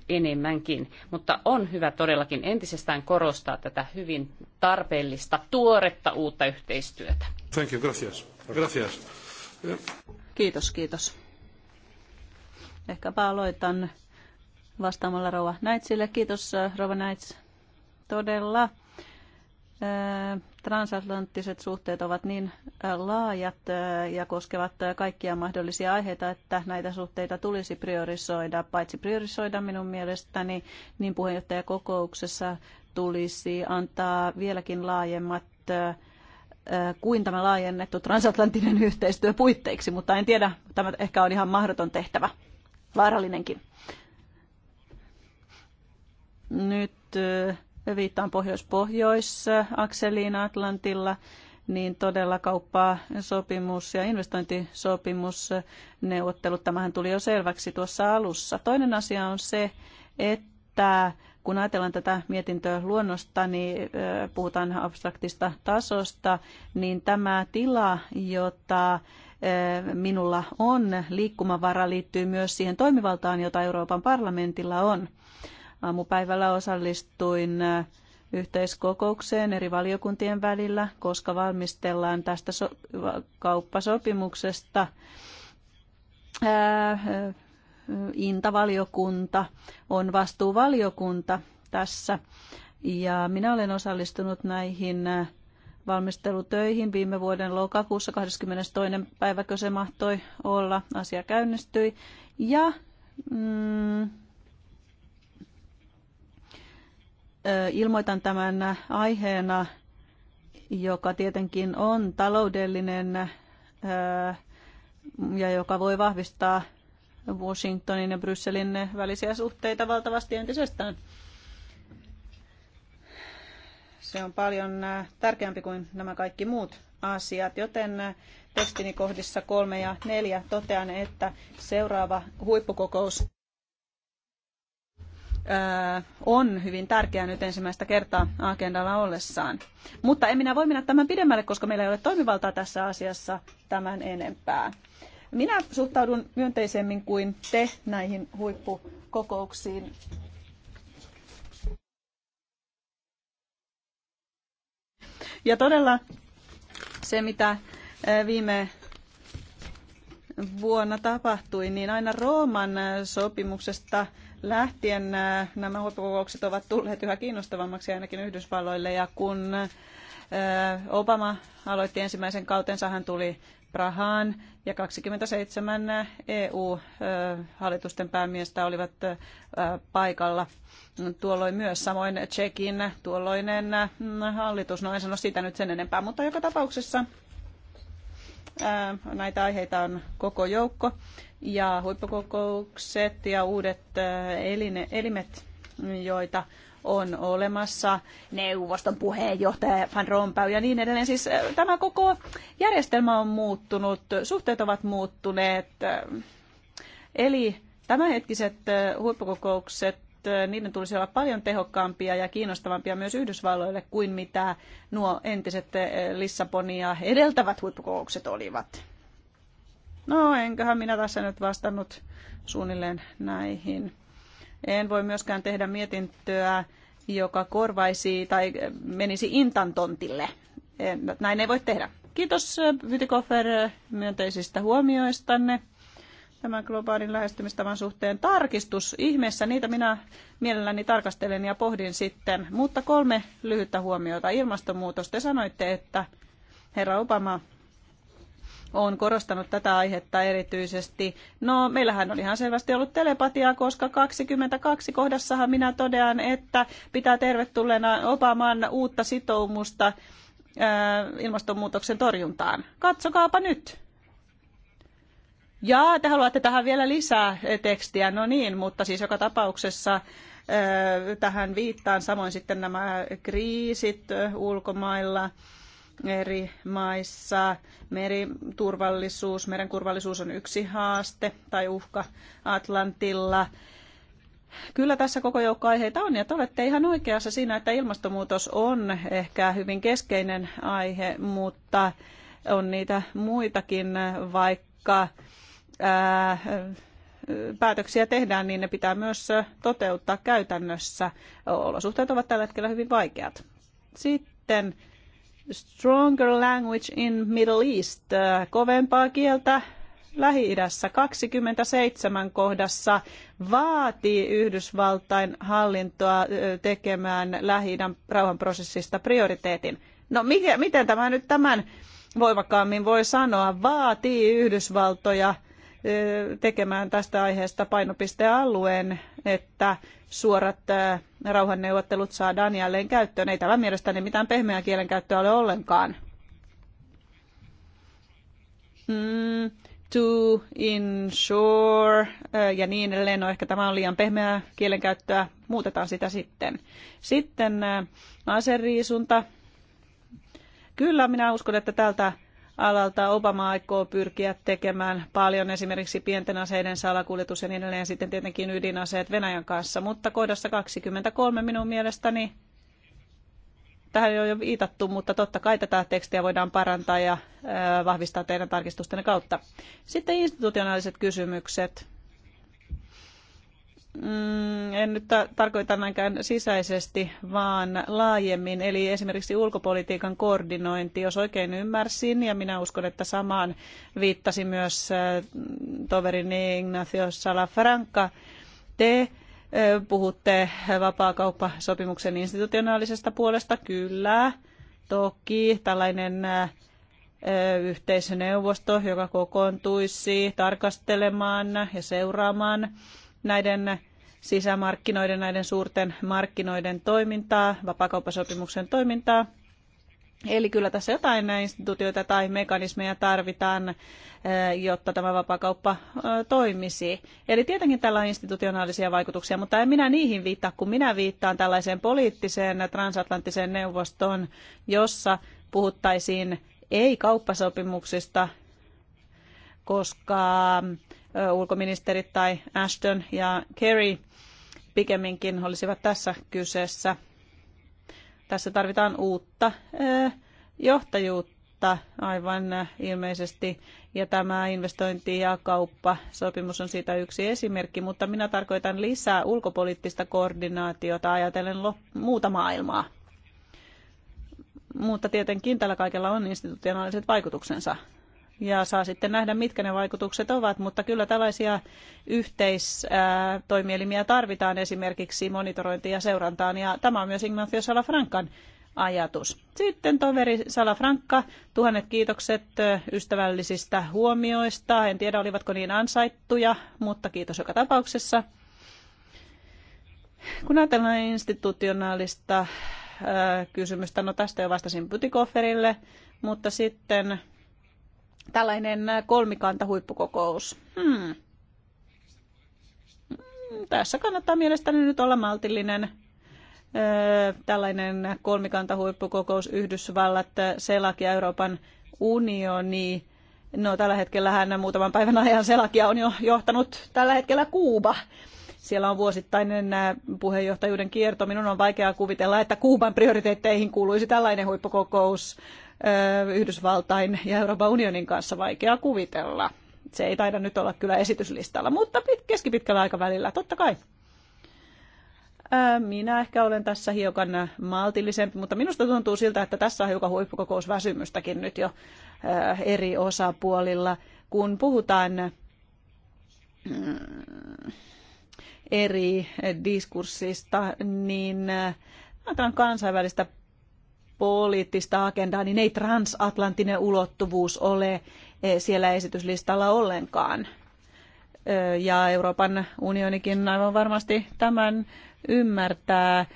Speaker 1: enemmänkin, mutta on hyvä todellakin entisestään korostaa tätä hyvin tarpeellista, tuoretta uutta yhteistyötä. Thank you, gracias. gracias.
Speaker 3: Kiitos, kiitos. Ehkäpä aloitan vastaamalla Rova Näitsille. Kiitos Rova Naits todella transatlanttiset suhteet ovat niin laajat ja koskevat kaikkia mahdollisia aiheita, että näitä suhteita tulisi priorisoida. Paitsi priorisoida minun mielestäni, niin puheenjohtajakokouksessa tulisi antaa vieläkin laajemmat kuin tämä laajennettu transatlanttinen yhteistyö puitteiksi, mutta en tiedä, tämä ehkä on ihan mahdoton tehtävä, vaarallinenkin. Nyt viittaan Pohjois-Pohjois-akseliin Atlantilla, niin todella kauppaa, sopimus ja investointisopimus, neuvottelut, tämähän tuli jo selväksi tuossa alussa. Toinen asia on se, että kun ajatellaan tätä mietintöä luonnosta, niin puhutaan abstraktista tasosta, niin tämä tila, jota minulla on, liikkumavara liittyy myös siihen toimivaltaan, jota Euroopan parlamentilla on. Aamupäivällä osallistuin yhteiskokoukseen eri valiokuntien välillä, koska valmistellaan tästä so- kauppasopimuksesta. Ää, Intavaliokunta on vastuuvaliokunta tässä. Ja minä olen osallistunut näihin valmistelutöihin viime vuoden lokakuussa 22. päiväkö se mahtoi olla. Asia käynnistyi. Ja mm, ilmoitan tämän aiheena, joka tietenkin on taloudellinen ja joka voi vahvistaa Washingtonin ja Brysselin välisiä suhteita valtavasti entisestään. Se on paljon tärkeämpi kuin nämä kaikki muut asiat, joten tekstini kohdissa kolme ja neljä totean, että seuraava huippukokous on hyvin tärkeää nyt ensimmäistä kertaa agendalla ollessaan. Mutta en minä voi mennä tämän pidemmälle, koska meillä ei ole toimivaltaa tässä asiassa tämän enempää. Minä suhtaudun myönteisemmin kuin te näihin huippukokouksiin. Ja todella se, mitä viime vuonna tapahtui, niin aina Rooman sopimuksesta lähtien äh, nämä huippukokoukset ovat tulleet yhä kiinnostavammaksi ainakin Yhdysvalloille ja kun äh, Obama aloitti ensimmäisen kautensa, hän tuli Prahaan ja 27 äh, EU-hallitusten päämiestä olivat paikalla. Tuolloin myös samoin Tsekin tuolloinen hallitus, no en sano sitä nyt sen enempää, mutta joka tapauksessa Näitä aiheita on koko joukko ja huippukokoukset ja uudet elimet, joita on olemassa, neuvoston puheenjohtaja Van Rompuy ja niin edelleen. Siis tämä koko järjestelmä on muuttunut, suhteet ovat muuttuneet. Eli tämänhetkiset huippukokoukset niiden tulisi olla paljon tehokkaampia ja kiinnostavampia myös Yhdysvalloille kuin mitä nuo entiset eh, Lissabonia edeltävät huippukokoukset olivat. No, enköhän minä tässä nyt vastannut suunnilleen näihin. En voi myöskään tehdä mietintöä, joka korvaisi tai menisi Intan tontille. Näin ei voi tehdä. Kiitos Vytikofer eh, eh, myönteisistä huomioistanne tämän globaalin lähestymistavan suhteen tarkistus. Ihmeessä niitä minä mielelläni tarkastelen ja pohdin sitten. Mutta kolme lyhyttä huomiota. Ilmastonmuutos. Te sanoitte, että herra Obama on korostanut tätä aihetta erityisesti. No, meillähän oli ihan selvästi ollut telepatiaa, koska 22 kohdassahan minä totean, että pitää tervetulleena Obaman uutta sitoumusta ilmastonmuutoksen torjuntaan. Katsokaapa nyt. Jaa, te haluatte tähän vielä lisää eh, tekstiä, no niin, mutta siis joka tapauksessa eh, tähän viittaan. Samoin sitten nämä kriisit eh, ulkomailla eri maissa. Meriturvallisuus, meren turvallisuus on yksi haaste tai uhka Atlantilla. Kyllä tässä koko joukko aiheita on ja te olette ihan oikeassa siinä, että ilmastonmuutos on ehkä hyvin keskeinen aihe, mutta on niitä muitakin, vaikka päätöksiä tehdään, niin ne pitää myös toteuttaa käytännössä. Olosuhteet ovat tällä hetkellä hyvin vaikeat. Sitten Stronger Language in Middle East, kovempaa kieltä Lähi-idässä 27 kohdassa vaatii Yhdysvaltain hallintoa tekemään Lähi-idän rauhanprosessista prioriteetin. No miten tämä nyt tämän voimakkaammin voi sanoa? Vaatii Yhdysvaltoja tekemään tästä aiheesta painopistealueen, että suorat rauhanneuvottelut saadaan jälleen käyttöön. Ei tällä mielestäni mitään pehmeää kielenkäyttöä ole ollenkaan. Mm, to ensure ja niin edelleen. No ehkä tämä on liian pehmeää kielenkäyttöä, muutetaan sitä sitten. Sitten aseriisunta. Kyllä minä uskon, että tältä alalta. Obama aikoo pyrkiä tekemään paljon esimerkiksi pienten aseiden salakuljetus ja niin edelleen, ja sitten tietenkin ydinaseet Venäjän kanssa. Mutta kohdassa 23 minun mielestäni tähän on jo viitattu, mutta totta kai tätä tekstiä voidaan parantaa ja vahvistaa teidän tarkistustenne kautta. Sitten institutionaaliset kysymykset. Mm, en nyt ta- tarkoita näinkään sisäisesti, vaan laajemmin, eli esimerkiksi ulkopolitiikan koordinointi, jos oikein ymmärsin, ja minä uskon, että samaan viittasi myös äh, toverini Ignacio Salafranca, te äh, puhutte vapaakauppasopimuksen institutionaalisesta puolesta, kyllä, toki tällainen äh, yhteisneuvosto, joka kokoontuisi tarkastelemaan ja seuraamaan näiden sisämarkkinoiden, näiden suurten markkinoiden toimintaa, vapakauppasopimuksen toimintaa. Eli kyllä tässä jotain instituutioita tai mekanismeja tarvitaan, eh, jotta tämä vapakauppa eh, toimisi. Eli tietenkin tällä on institutionaalisia vaikutuksia, mutta en minä niihin viittaa, kun minä viittaan tällaiseen poliittiseen transatlanttiseen neuvostoon, jossa puhuttaisiin ei-kauppasopimuksista, koska ulkoministerit tai Ashton ja Kerry pikemminkin olisivat tässä kyseessä. Tässä tarvitaan uutta johtajuutta aivan ilmeisesti, ja tämä investointi- ja kauppasopimus on siitä yksi esimerkki, mutta minä tarkoitan lisää ulkopoliittista koordinaatiota ajatellen muuta maailmaa. Mutta tietenkin tällä kaikella on institutionaaliset vaikutuksensa ja saa sitten nähdä, mitkä ne vaikutukset ovat, mutta kyllä tällaisia yhteistoimielimiä tarvitaan esimerkiksi monitorointiin ja seurantaan, ja tämä on myös Ignacio Salafrankan ajatus. Sitten toveri Salafrankka, tuhannet kiitokset ystävällisistä huomioista. En tiedä, olivatko niin ansaittuja, mutta kiitos joka tapauksessa. Kun ajatellaan institutionaalista kysymystä, no tästä jo vastasin Putikofferille, mutta sitten tällainen kolmikanta huippukokous. Hmm. Tässä kannattaa mielestäni nyt olla maltillinen. Tällainen kolmikanta huippukokous Yhdysvallat, SELAK ja Euroopan unioni. No tällä hetkellä hän muutaman päivän ajan Selakia on jo johtanut tällä hetkellä Kuuba. Siellä on vuosittainen puheenjohtajuuden kierto. Minun on vaikeaa kuvitella, että Kuuban prioriteetteihin kuuluisi tällainen huippukokous. Yhdysvaltain ja Euroopan unionin kanssa vaikea kuvitella. Se ei taida nyt olla kyllä esityslistalla, mutta keskipitkällä aikavälillä totta kai. Minä ehkä olen tässä hiukan maltillisempi, mutta minusta tuntuu siltä, että tässä on hiukan huippukokousväsymystäkin nyt jo eri osapuolilla. Kun puhutaan mm, eri diskurssista, niin ajatellaan kansainvälistä poliittista agendaa, niin ei transatlanttinen ulottuvuus ole eh, siellä esityslistalla ollenkaan. Eh, ja Euroopan unionikin aivan varmasti tämän ymmärtää. Eh,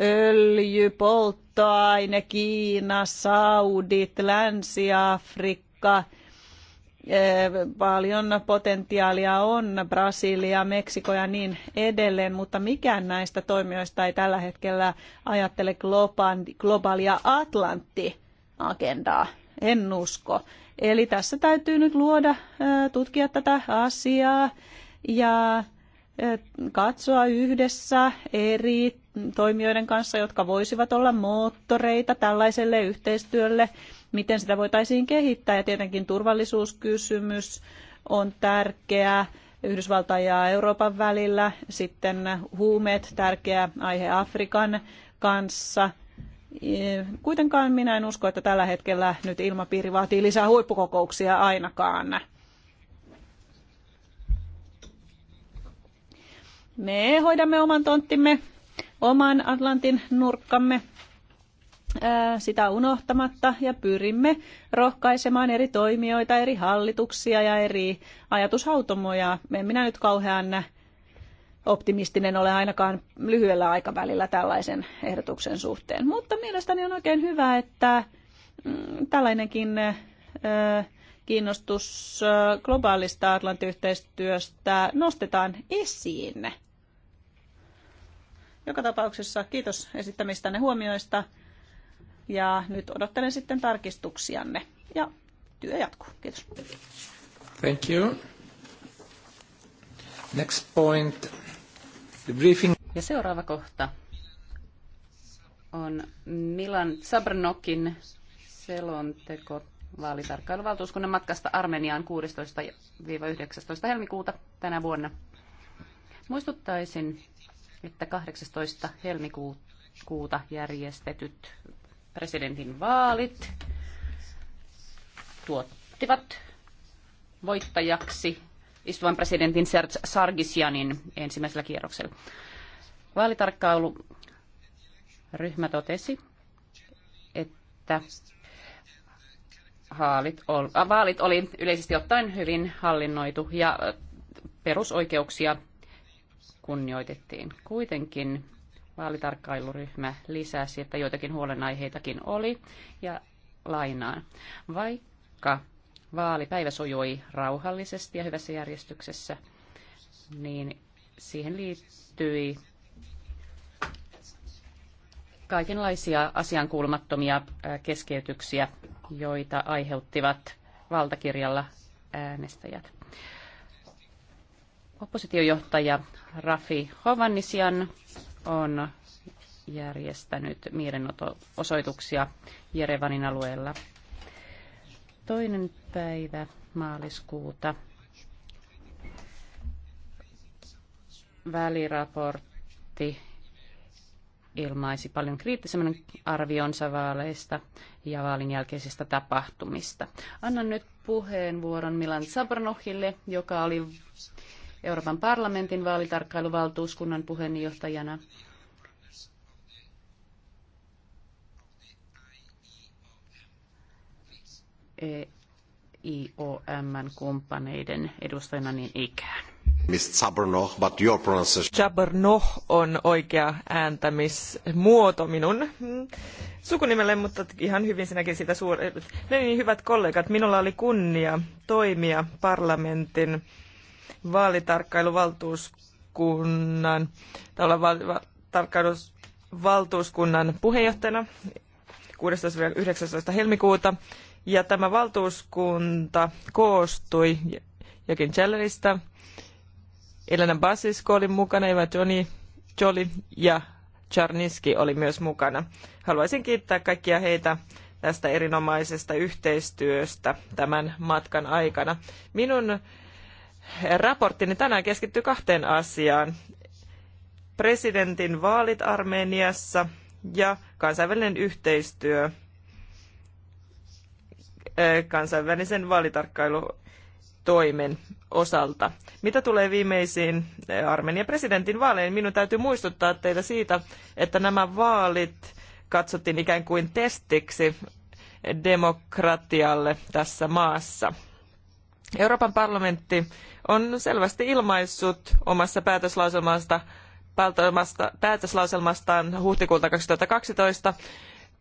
Speaker 3: öljy, polttoaine, Kiina, Saudit, Länsi-Afrikka – paljon potentiaalia on, Brasilia, Meksiko ja niin edelleen, mutta mikään näistä toimijoista ei tällä hetkellä ajattele globaalia Atlantti-agendaa. En usko. Eli tässä täytyy nyt luoda, tutkia tätä asiaa ja Eh, katsoa yhdessä eri toimijoiden kanssa, jotka voisivat olla moottoreita tällaiselle yhteistyölle, miten sitä voitaisiin kehittää. Ja tietenkin turvallisuuskysymys on tärkeä Yhdysvaltain ja Euroopan välillä, sitten huumeet, tärkeä aihe Afrikan kanssa. Eh, kuitenkaan minä en usko, että tällä hetkellä nyt ilmapiiri vaatii lisää huippukokouksia ainakaan. Me hoidamme oman tonttimme, oman Atlantin nurkkamme sitä unohtamatta ja pyrimme rohkaisemaan eri toimijoita, eri hallituksia ja eri ajatushautomoja. En minä nyt kauhean optimistinen ole ainakaan lyhyellä aikavälillä tällaisen ehdotuksen suhteen. Mutta mielestäni on oikein hyvä, että mm, tällainenkin kiinnostus globaalista Atlantin nostetaan esiin joka tapauksessa kiitos esittämistänne huomioista ja nyt odottelen sitten tarkistuksianne ja työ jatkuu. Kiitos.
Speaker 4: Thank you. Next point. The briefing.
Speaker 1: Ja seuraava kohta on Milan Sabrnokin selonteko vaalitarkkailuvaltuuskunnan matkasta Armeniaan 16-19 helmikuuta tänä vuonna. Muistuttaisin että 18. helmikuuta järjestetyt presidentin vaalit tuottivat voittajaksi istuvan presidentin Serge Sargisjanin ensimmäisellä kierroksella. ryhmä totesi, että haalit ol, vaalit oli yleisesti ottaen hyvin hallinnoitu ja perusoikeuksia kunnioitettiin. Kuitenkin vaalitarkkailuryhmä lisäsi, että joitakin huolenaiheitakin oli, ja lainaan. Vaikka vaalipäivä sujui rauhallisesti ja hyvässä järjestyksessä, niin siihen liittyi kaikenlaisia asiankuulumattomia keskeytyksiä, joita aiheuttivat valtakirjalla äänestäjät. Oppositiojohtaja Rafi Hovannisian on järjestänyt mielenosoituksia Jerevanin alueella. Toinen päivä maaliskuuta väliraportti ilmaisi paljon kriittisemmän arvionsa vaaleista ja vaalin jälkeisistä tapahtumista. Annan nyt puheenvuoron Milan Sabranohille, joka oli Euroopan parlamentin vaalitarkkailuvaltuuskunnan puheenjohtajana. E IOM-kumppaneiden edustajana niin ikään.
Speaker 2: Miss but your pronunciation...
Speaker 4: Zabernoch on oikea ääntämismuoto minun sukunimelle, mutta ihan hyvin sinäkin sitä suuri. niin, hyvät kollegat, minulla oli kunnia toimia parlamentin vaalitarkkailuvaltuuskunnan, tai olla va- va- tarkkailuvaltuuskunnan puheenjohtajana 16-19 helmikuuta. Ja tämä valtuuskunta koostui Jakin Chelleristä, Elena Basisko oli mukana, Eva Johnny, Jolly ja Charniski oli myös mukana. Haluaisin kiittää kaikkia heitä tästä erinomaisesta yhteistyöstä tämän matkan aikana. Minun raporttini tänään keskittyy kahteen asiaan. Presidentin vaalit Armeniassa ja kansainvälinen yhteistyö kansainvälisen vaalitarkkailutoimen osalta. Mitä tulee viimeisiin Armenian presidentin vaaleihin, minun täytyy muistuttaa teitä siitä, että nämä vaalit katsottiin ikään kuin testiksi demokratialle tässä maassa – Euroopan parlamentti on selvästi ilmaissut omassa päätöslauselmasta, päätöslauselmastaan huhtikuulta 2012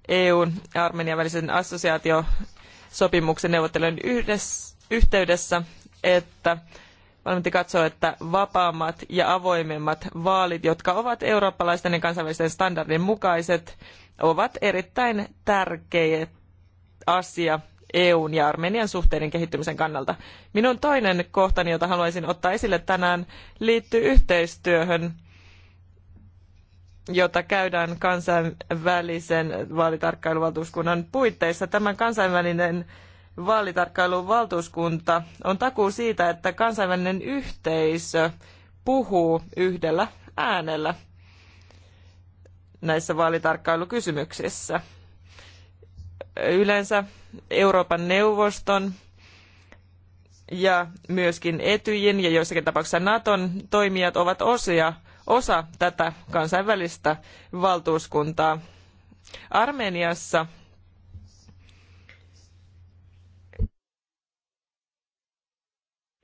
Speaker 4: EUn ja Armenian välisen assosiaatiosopimuksen neuvottelujen yhteydessä, että Parlamentti katsoo, että vapaammat ja avoimemmat vaalit, jotka ovat eurooppalaisten ja kansainvälisten standardien mukaiset, ovat erittäin tärkeä asia EUn ja Armenian suhteiden kehittymisen kannalta. Minun toinen kohtani, jota haluaisin ottaa esille tänään, liittyy yhteistyöhön, jota käydään kansainvälisen vaalitarkkailuvaltuuskunnan puitteissa. Tämä kansainvälinen vaalitarkkailuvaltuuskunta on takuu siitä, että kansainvälinen yhteisö puhuu yhdellä äänellä näissä vaalitarkkailukysymyksissä yleensä Euroopan neuvoston ja myöskin Etyjin ja joissakin tapauksissa Naton toimijat ovat osia, osa tätä kansainvälistä valtuuskuntaa. Armeniassa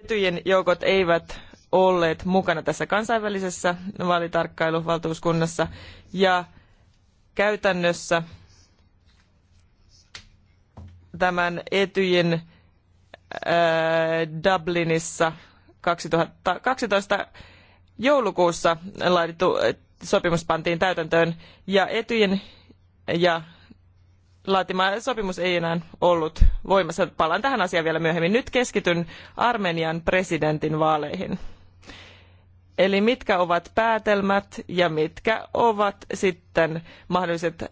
Speaker 4: Etyjin joukot eivät olleet mukana tässä kansainvälisessä vaalitarkkailuvaltuuskunnassa ja käytännössä tämän Etyjin äh, Dublinissa 2012 joulukuussa laadittu äh, sopimus pantiin täytäntöön ja Etyjin ja laatima sopimus ei enää ollut voimassa. Palaan tähän asiaan vielä myöhemmin. Nyt keskityn Armenian presidentin vaaleihin. Eli mitkä ovat päätelmät ja mitkä ovat sitten mahdolliset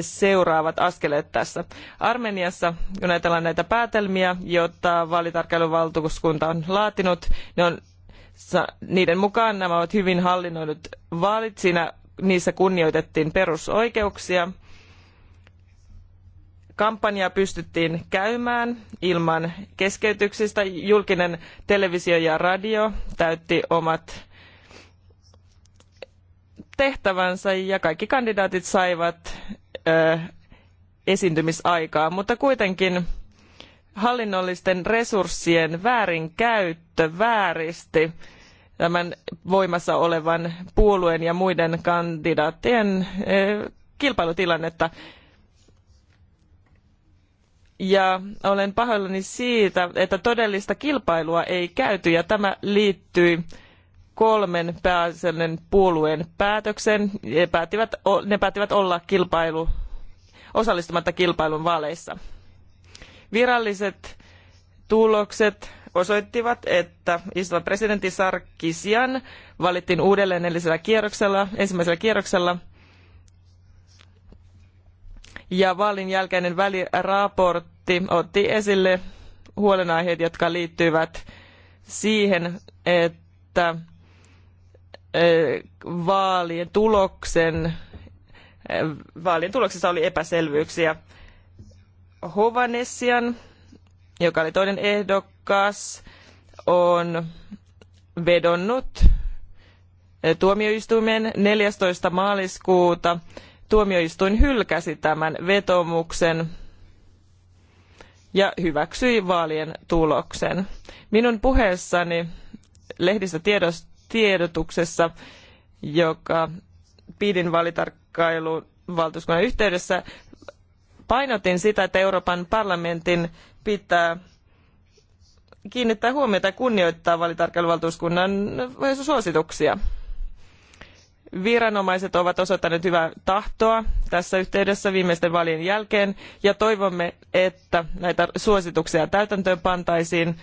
Speaker 4: seuraavat askeleet tässä. Armeniassa, kun ajatellaan näitä päätelmiä, joita vaalitarkkailuvaltuuskunta on laatinut, ne on, niiden mukaan nämä ovat hyvin hallinnoidut vaalit. Siinä niissä kunnioitettiin perusoikeuksia. Kampanjaa pystyttiin käymään ilman keskeytyksistä. Julkinen televisio ja radio täytti omat tehtävänsä ja kaikki kandidaatit saivat esiintymisaikaa, mutta kuitenkin hallinnollisten resurssien väärinkäyttö vääristi tämän voimassa olevan puolueen ja muiden kandidaattien kilpailutilannetta. Ja olen pahoillani siitä, että todellista kilpailua ei käyty ja tämä liittyi kolmen pääasiallisen puolueen päätöksen. Päättivät, ne päättivät olla kilpailu, osallistumatta kilpailun vaaleissa. Viralliset tulokset osoittivat, että istuva presidentti Sarkisian valittiin uudelleen edellisellä kierroksella, ensimmäisellä kierroksella. Ja vaalin jälkeinen väliraportti otti esille huolenaiheet, jotka liittyvät siihen, että vaalien tuloksen, vaalien tuloksessa oli epäselvyyksiä. Hovannessian, joka oli toinen ehdokas, on vedonnut tuomioistuimen 14. maaliskuuta. Tuomioistuin hylkäsi tämän vetomuksen ja hyväksyi vaalien tuloksen. Minun puheessani lehdistä tiedost tiedotuksessa, joka pidin valitarkkailun valtuuskunnan yhteydessä, painotin sitä, että Euroopan parlamentin pitää kiinnittää huomiota ja kunnioittaa vaalitarkkailuvaltuuskunnan suosituksia. Viranomaiset ovat osoittaneet hyvää tahtoa tässä yhteydessä viimeisten vaalien jälkeen ja toivomme, että näitä suosituksia täytäntöön pantaisiin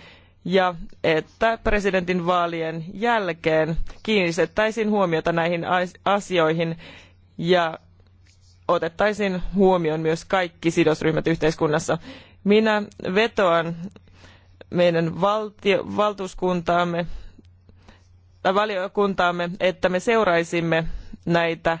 Speaker 4: ja että presidentin vaalien jälkeen kiinnitettäisiin huomiota näihin asioihin ja otettaisiin huomioon myös kaikki sidosryhmät yhteiskunnassa. Minä vetoan meidän valtio, valtuuskuntaamme tai valiokuntaamme, että me seuraisimme näitä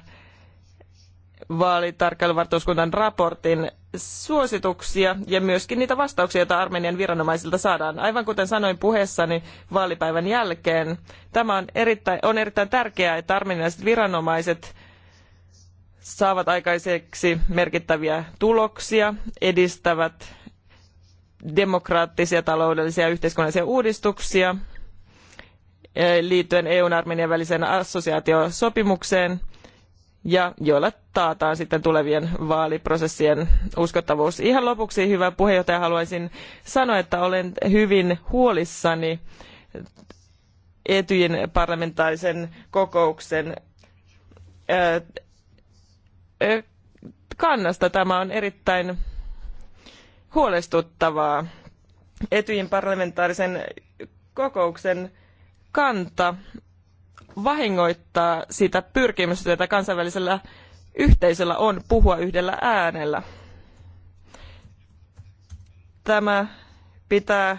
Speaker 4: vaalitarkkailuvartuuskunnan raportin suosituksia ja myöskin niitä vastauksia, joita Armenian viranomaisilta saadaan. Aivan kuten sanoin puheessani vaalipäivän jälkeen, tämä on erittäin, on erittäin tärkeää, että armenialaiset viranomaiset saavat aikaiseksi merkittäviä tuloksia, edistävät demokraattisia, taloudellisia ja yhteiskunnallisia uudistuksia eh, liittyen EUn ja Armenian väliseen assosiaatiosopimukseen ja joilla taataan sitten tulevien vaaliprosessien uskottavuus. Ihan lopuksi, hyvä puheenjohtaja, haluaisin sanoa, että olen hyvin huolissani Etyjin parlamentaarisen kokouksen kannasta. Tämä on erittäin huolestuttavaa. Etyjin parlamentaarisen kokouksen kanta vahingoittaa sitä pyrkimystä, jota kansainvälisellä yhteisöllä on puhua yhdellä äänellä. Tämä pitää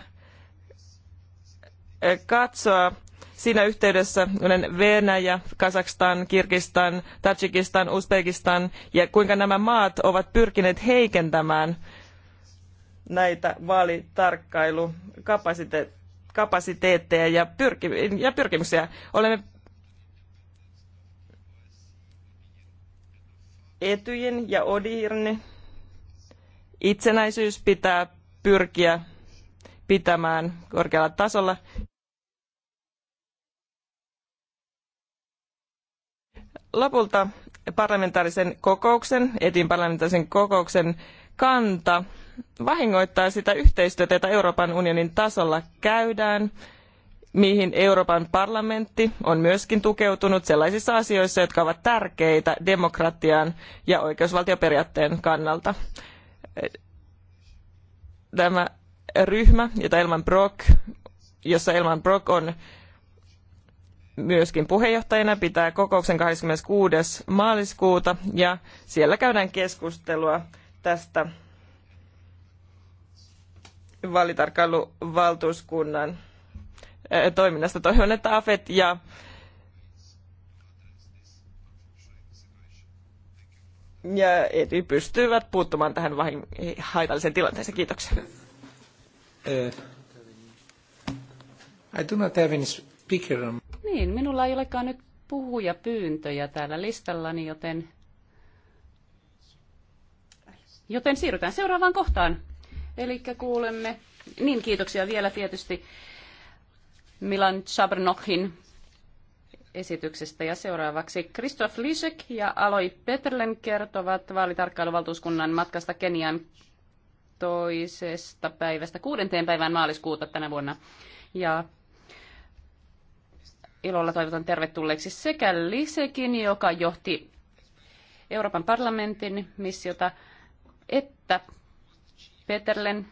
Speaker 4: eh, katsoa siinä yhteydessä kuten Venäjä, Kazakstan, Kirgistan, Tadžikistan, Uzbekistan ja kuinka nämä maat ovat pyrkineet heikentämään näitä vaalitarkkailukapasiteetteja ja, pyrki- ja pyrkimyksiä. Olemme Etyjen ja Odirne itsenäisyys pitää pyrkiä pitämään korkealla tasolla. Lopulta parlamentaarisen kokouksen, etin parlamentaarisen kokouksen kanta vahingoittaa sitä yhteistyötä, jota Euroopan unionin tasolla käydään mihin Euroopan parlamentti on myöskin tukeutunut sellaisissa asioissa, jotka ovat tärkeitä demokratian ja oikeusvaltioperiaatteen kannalta. Tämä ryhmä, jota Elman Brock, jossa Elman Brock on myöskin puheenjohtajana, pitää kokouksen 26. maaliskuuta ja siellä käydään keskustelua tästä vaalitarkkailuvaltuuskunnan toiminnasta. Toivon, että AFET ja ja eti pystyvät puuttumaan tähän vahin, haitalliseen tilanteeseen. Kiitoksia.
Speaker 2: Eh, I do not have any speaker.
Speaker 1: Niin, minulla ei olekaan nyt puhujapyyntöjä täällä listallani, joten, joten siirrytään seuraavaan kohtaan. Eli kuulemme, niin kiitoksia vielä tietysti Milan Chabrnochin esityksestä. Ja seuraavaksi Kristof Lisek ja Aloi Peterlen kertovat vaalitarkkailuvaltuuskunnan matkasta Kenian toisesta päivästä kuudenteen päivään maaliskuuta tänä vuonna. Ja ilolla toivotan tervetulleeksi sekä Lisekin, joka johti Euroopan parlamentin missiota, että Peterlen,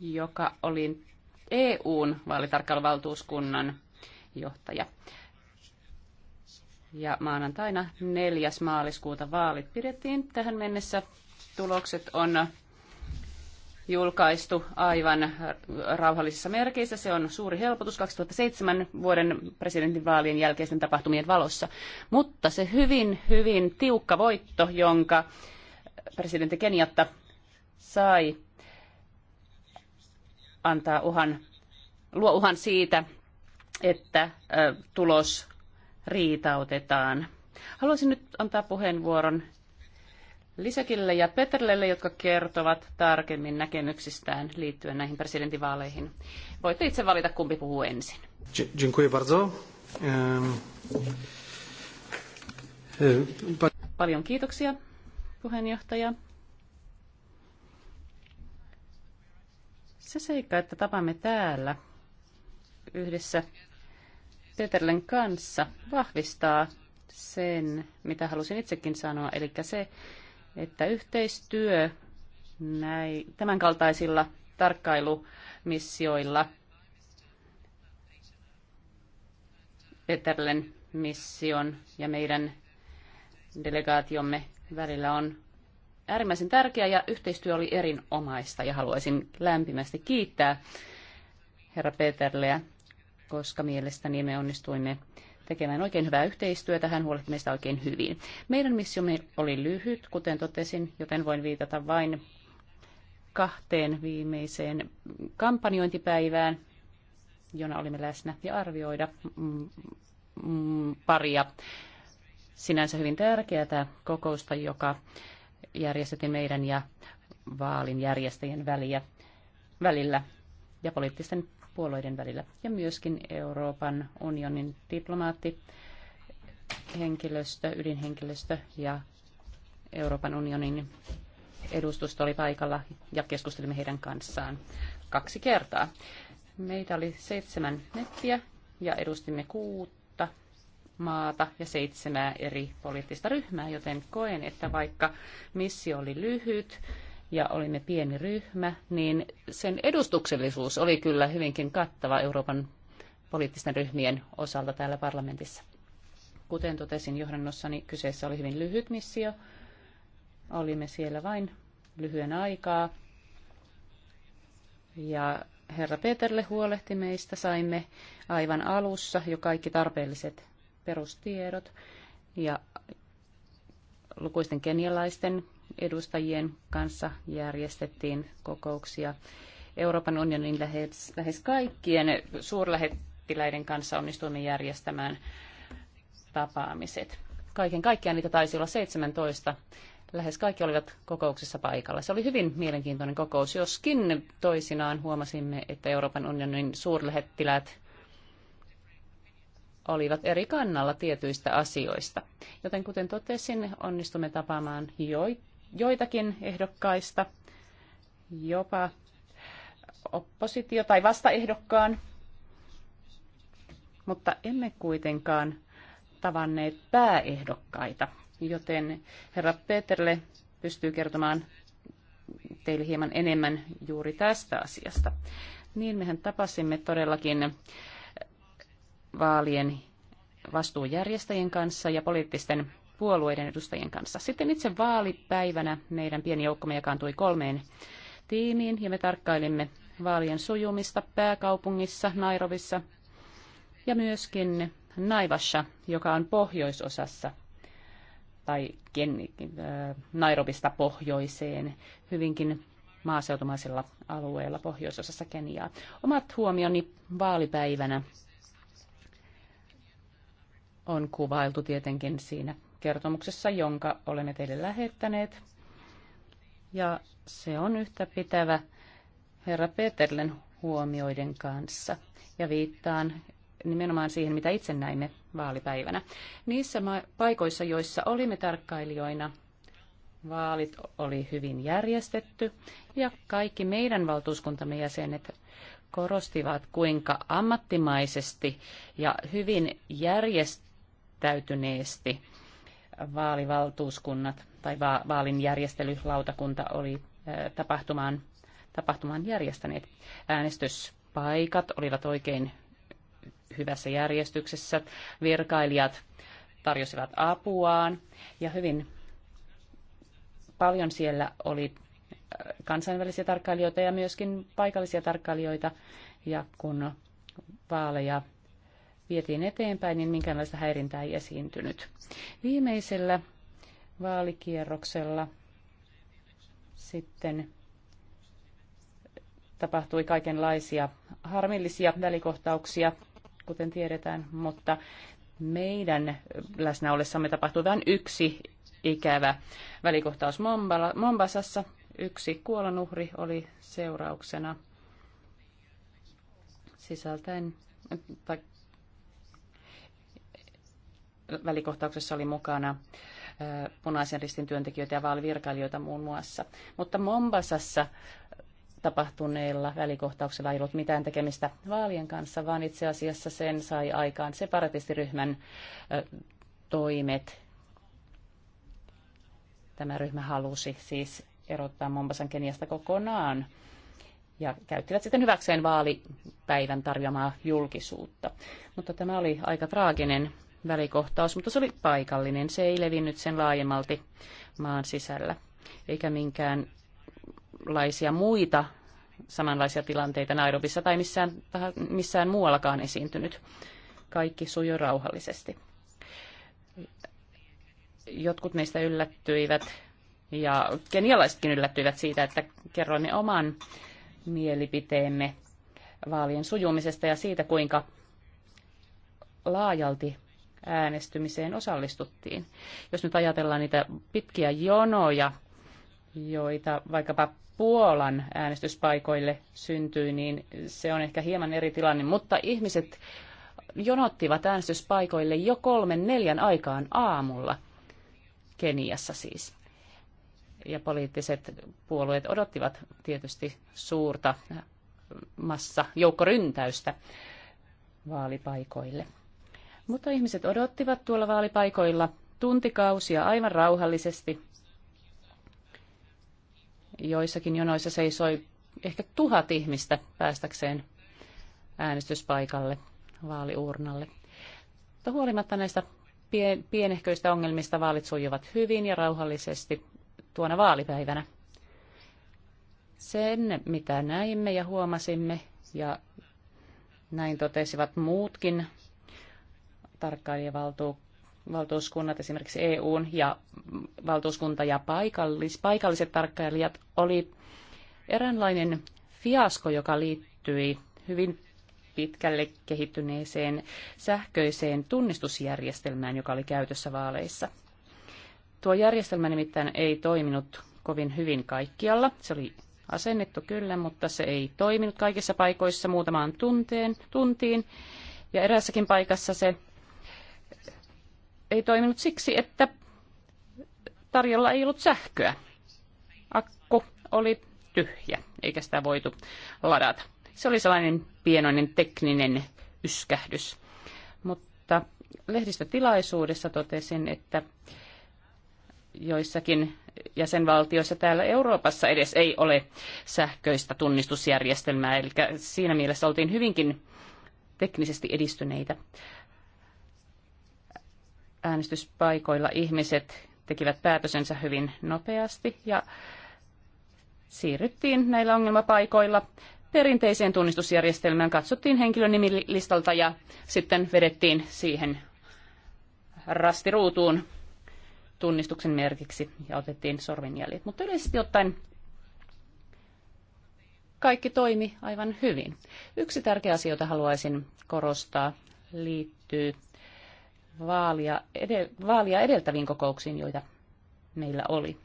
Speaker 1: joka oli EUn vaalitarkkailuvaltuuskunnan johtaja. Ja maanantaina 4. maaliskuuta vaalit pidettiin. Tähän mennessä tulokset on julkaistu aivan rauhallisissa merkeissä. Se on suuri helpotus 2007 vuoden presidentinvaalien jälkeisten tapahtumien valossa. Mutta se hyvin, hyvin tiukka voitto, jonka presidentti Keniatta sai antaa uhan, luo uhan siitä, että tulos riitautetaan. Haluaisin nyt antaa puheenvuoron Lisäkille ja Peterlelle, jotka kertovat tarkemmin näkemyksistään liittyen näihin presidentinvaaleihin. Voitte itse valita, kumpi puhuu ensin.
Speaker 2: Dziękuję bardzo.
Speaker 1: E, Paljon kiitoksia, puheenjohtaja. Se seikka, että tapamme täällä yhdessä Peterlen kanssa, vahvistaa sen, mitä halusin itsekin sanoa, eli se, että yhteistyö näin, tämänkaltaisilla tarkkailumissioilla Peterlen mission ja meidän delegaatiomme välillä on äärimmäisen tärkeä ja yhteistyö oli erinomaista ja haluaisin lämpimästi kiittää herra Peterleä, koska mielestäni me onnistuimme tekemään oikein hyvää yhteistyötä. Hän huolehti meistä oikein hyvin. Meidän missiomme oli lyhyt, kuten totesin, joten voin viitata vain kahteen viimeiseen kampanjointipäivään, jona olimme läsnä ja arvioida mm, mm, paria sinänsä hyvin tärkeää kokousta, joka järjestettiin meidän ja vaalin järjestäjien väliä, välillä ja poliittisten puolueiden välillä. Ja myöskin Euroopan unionin diplomaatti, henkilöstö, ydinhenkilöstö ja Euroopan unionin edustusto oli paikalla ja keskustelimme heidän kanssaan kaksi kertaa. Meitä oli seitsemän nettiä ja edustimme kuut, maata ja seitsemää eri poliittista ryhmää, joten koen, että vaikka missio oli lyhyt ja olimme pieni ryhmä, niin sen edustuksellisuus oli kyllä hyvinkin kattava Euroopan poliittisten ryhmien osalta täällä parlamentissa. Kuten totesin johdannossani, kyseessä oli hyvin lyhyt missio. Olimme siellä vain lyhyen aikaa. Ja herra Peterle huolehti meistä, saimme aivan alussa jo kaikki tarpeelliset perustiedot ja lukuisten kenialaisten edustajien kanssa järjestettiin kokouksia. Euroopan unionin lähes, lähes kaikkien suurlähettiläiden kanssa onnistuimme järjestämään tapaamiset. Kaiken kaikkiaan niitä taisi olla 17. Lähes kaikki olivat kokouksessa paikalla. Se oli hyvin mielenkiintoinen kokous, joskin toisinaan huomasimme, että Euroopan unionin suurlähettiläät olivat eri kannalla tietyistä asioista. Joten kuten totesin, onnistumme tapaamaan joitakin ehdokkaista, jopa oppositio- tai vastaehdokkaan, mutta emme kuitenkaan tavanneet pääehdokkaita, joten herra Peterle pystyy kertomaan teille hieman enemmän juuri tästä asiasta. Niin mehän tapasimme todellakin vaalien vastuujärjestäjien kanssa ja poliittisten puolueiden edustajien kanssa. Sitten itse vaalipäivänä meidän pieni joukkomme jakaantui kolmeen tiimiin ja me tarkkailimme vaalien sujumista pääkaupungissa, Nairobissa ja myöskin Naivassa, joka on pohjoisosassa tai äh, Nairobista pohjoiseen hyvinkin maaseutumaisella alueella pohjoisosassa Keniaa. Omat huomioni vaalipäivänä on kuvailtu tietenkin siinä kertomuksessa, jonka olemme teille lähettäneet. Ja se on yhtä pitävä herra Peterlen huomioiden kanssa. Ja viittaan nimenomaan siihen, mitä itse näimme vaalipäivänä. Niissä paikoissa, joissa olimme tarkkailijoina, vaalit oli hyvin järjestetty ja kaikki meidän valtuuskuntamme jäsenet korostivat, kuinka ammattimaisesti ja hyvin järjestetty järjestäytyneesti. Vaalivaltuuskunnat tai va- vaalin järjestelylautakunta oli tapahtumaan, tapahtumaan järjestäneet. Äänestyspaikat olivat oikein hyvässä järjestyksessä. Virkailijat tarjosivat apuaan ja hyvin paljon siellä oli kansainvälisiä tarkkailijoita ja myöskin paikallisia tarkkailijoita. Ja kun vaaleja vietiin eteenpäin, niin minkäänlaista häirintää ei esiintynyt. Viimeisellä vaalikierroksella sitten tapahtui kaikenlaisia harmillisia välikohtauksia, kuten tiedetään, mutta meidän läsnäolessamme tapahtui vain yksi ikävä välikohtaus Mombasassa. Yksi kuolonuhri oli seurauksena sisältäen tai välikohtauksessa oli mukana punaisen ristin työntekijöitä ja vaalivirkailijoita muun muassa. Mutta Mombasassa tapahtuneilla välikohtauksilla ei ollut mitään tekemistä vaalien kanssa, vaan itse asiassa sen sai aikaan separatistiryhmän toimet. Tämä ryhmä halusi siis erottaa Mombasan Keniasta kokonaan ja käyttivät sitten hyväkseen vaalipäivän tarjoamaa julkisuutta. Mutta tämä oli aika traaginen välikohtaus, mutta se oli paikallinen. Se ei levinnyt sen laajemmalti maan sisällä, eikä minkäänlaisia muita samanlaisia tilanteita Nairobissa tai missään, missään muuallakaan esiintynyt. Kaikki sujui rauhallisesti. Jotkut meistä yllättyivät ja kenialaisetkin yllättyivät siitä, että kerroimme oman mielipiteemme vaalien sujumisesta ja siitä, kuinka laajalti äänestymiseen osallistuttiin. Jos nyt ajatellaan niitä pitkiä jonoja, joita vaikkapa Puolan äänestyspaikoille syntyi, niin se on ehkä hieman eri tilanne, mutta ihmiset jonottivat äänestyspaikoille jo kolmen neljän aikaan aamulla, Keniassa siis. Ja poliittiset puolueet odottivat tietysti suurta massa joukkoryntäystä vaalipaikoille. Mutta ihmiset odottivat tuolla vaalipaikoilla tuntikausia aivan rauhallisesti. Joissakin jonoissa seisoi ehkä tuhat ihmistä päästäkseen äänestyspaikalle, vaaliurnalle. Mutta huolimatta näistä pienehköistä ongelmista vaalit sujuvat hyvin ja rauhallisesti tuona vaalipäivänä. Sen, mitä näimme ja huomasimme, ja näin totesivat muutkin tarkkailijavaltuuskunnat, esimerkiksi EUn ja valtuuskunta ja paikallis, paikalliset tarkkailijat, oli eräänlainen fiasko, joka liittyi hyvin pitkälle kehittyneeseen sähköiseen tunnistusjärjestelmään, joka oli käytössä vaaleissa. Tuo järjestelmä nimittäin ei toiminut kovin hyvin kaikkialla. Se oli asennettu kyllä, mutta se ei toiminut kaikissa paikoissa muutamaan tunteen, tuntiin. Ja eräässäkin paikassa se ei toiminut siksi, että tarjolla ei ollut sähköä. Akku oli tyhjä, eikä sitä voitu ladata. Se oli sellainen pienoinen tekninen yskähdys. Mutta lehdistötilaisuudessa totesin, että joissakin jäsenvaltioissa täällä Euroopassa edes ei ole sähköistä tunnistusjärjestelmää, eli siinä mielessä oltiin hyvinkin teknisesti edistyneitä äänestyspaikoilla ihmiset tekivät päätösensä hyvin nopeasti ja siirryttiin näillä ongelmapaikoilla perinteiseen tunnistusjärjestelmään. Katsottiin henkilön nimilistalta ja sitten vedettiin siihen rastiruutuun tunnistuksen merkiksi ja otettiin sorvinjäljet. Mutta yleisesti ottaen kaikki toimi aivan hyvin. Yksi tärkeä asia, jota haluaisin korostaa, liittyy vaalia, edel, vaalia edeltäviin kokouksiin, joita meillä oli.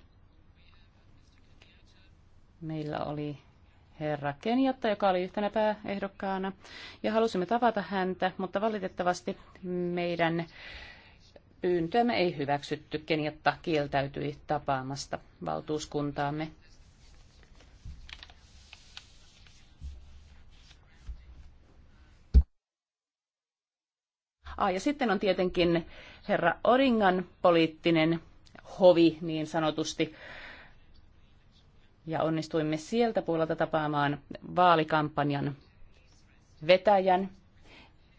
Speaker 1: Meillä oli herra Kenjatta, joka oli yhtenä pääehdokkaana, ja halusimme tavata häntä, mutta valitettavasti meidän pyyntöämme ei hyväksytty. Kenjatta kieltäytyi tapaamasta valtuuskuntaamme Ah, ja sitten on tietenkin herra Oringan poliittinen hovi niin sanotusti. Ja onnistuimme sieltä puolelta tapaamaan vaalikampanjan vetäjän.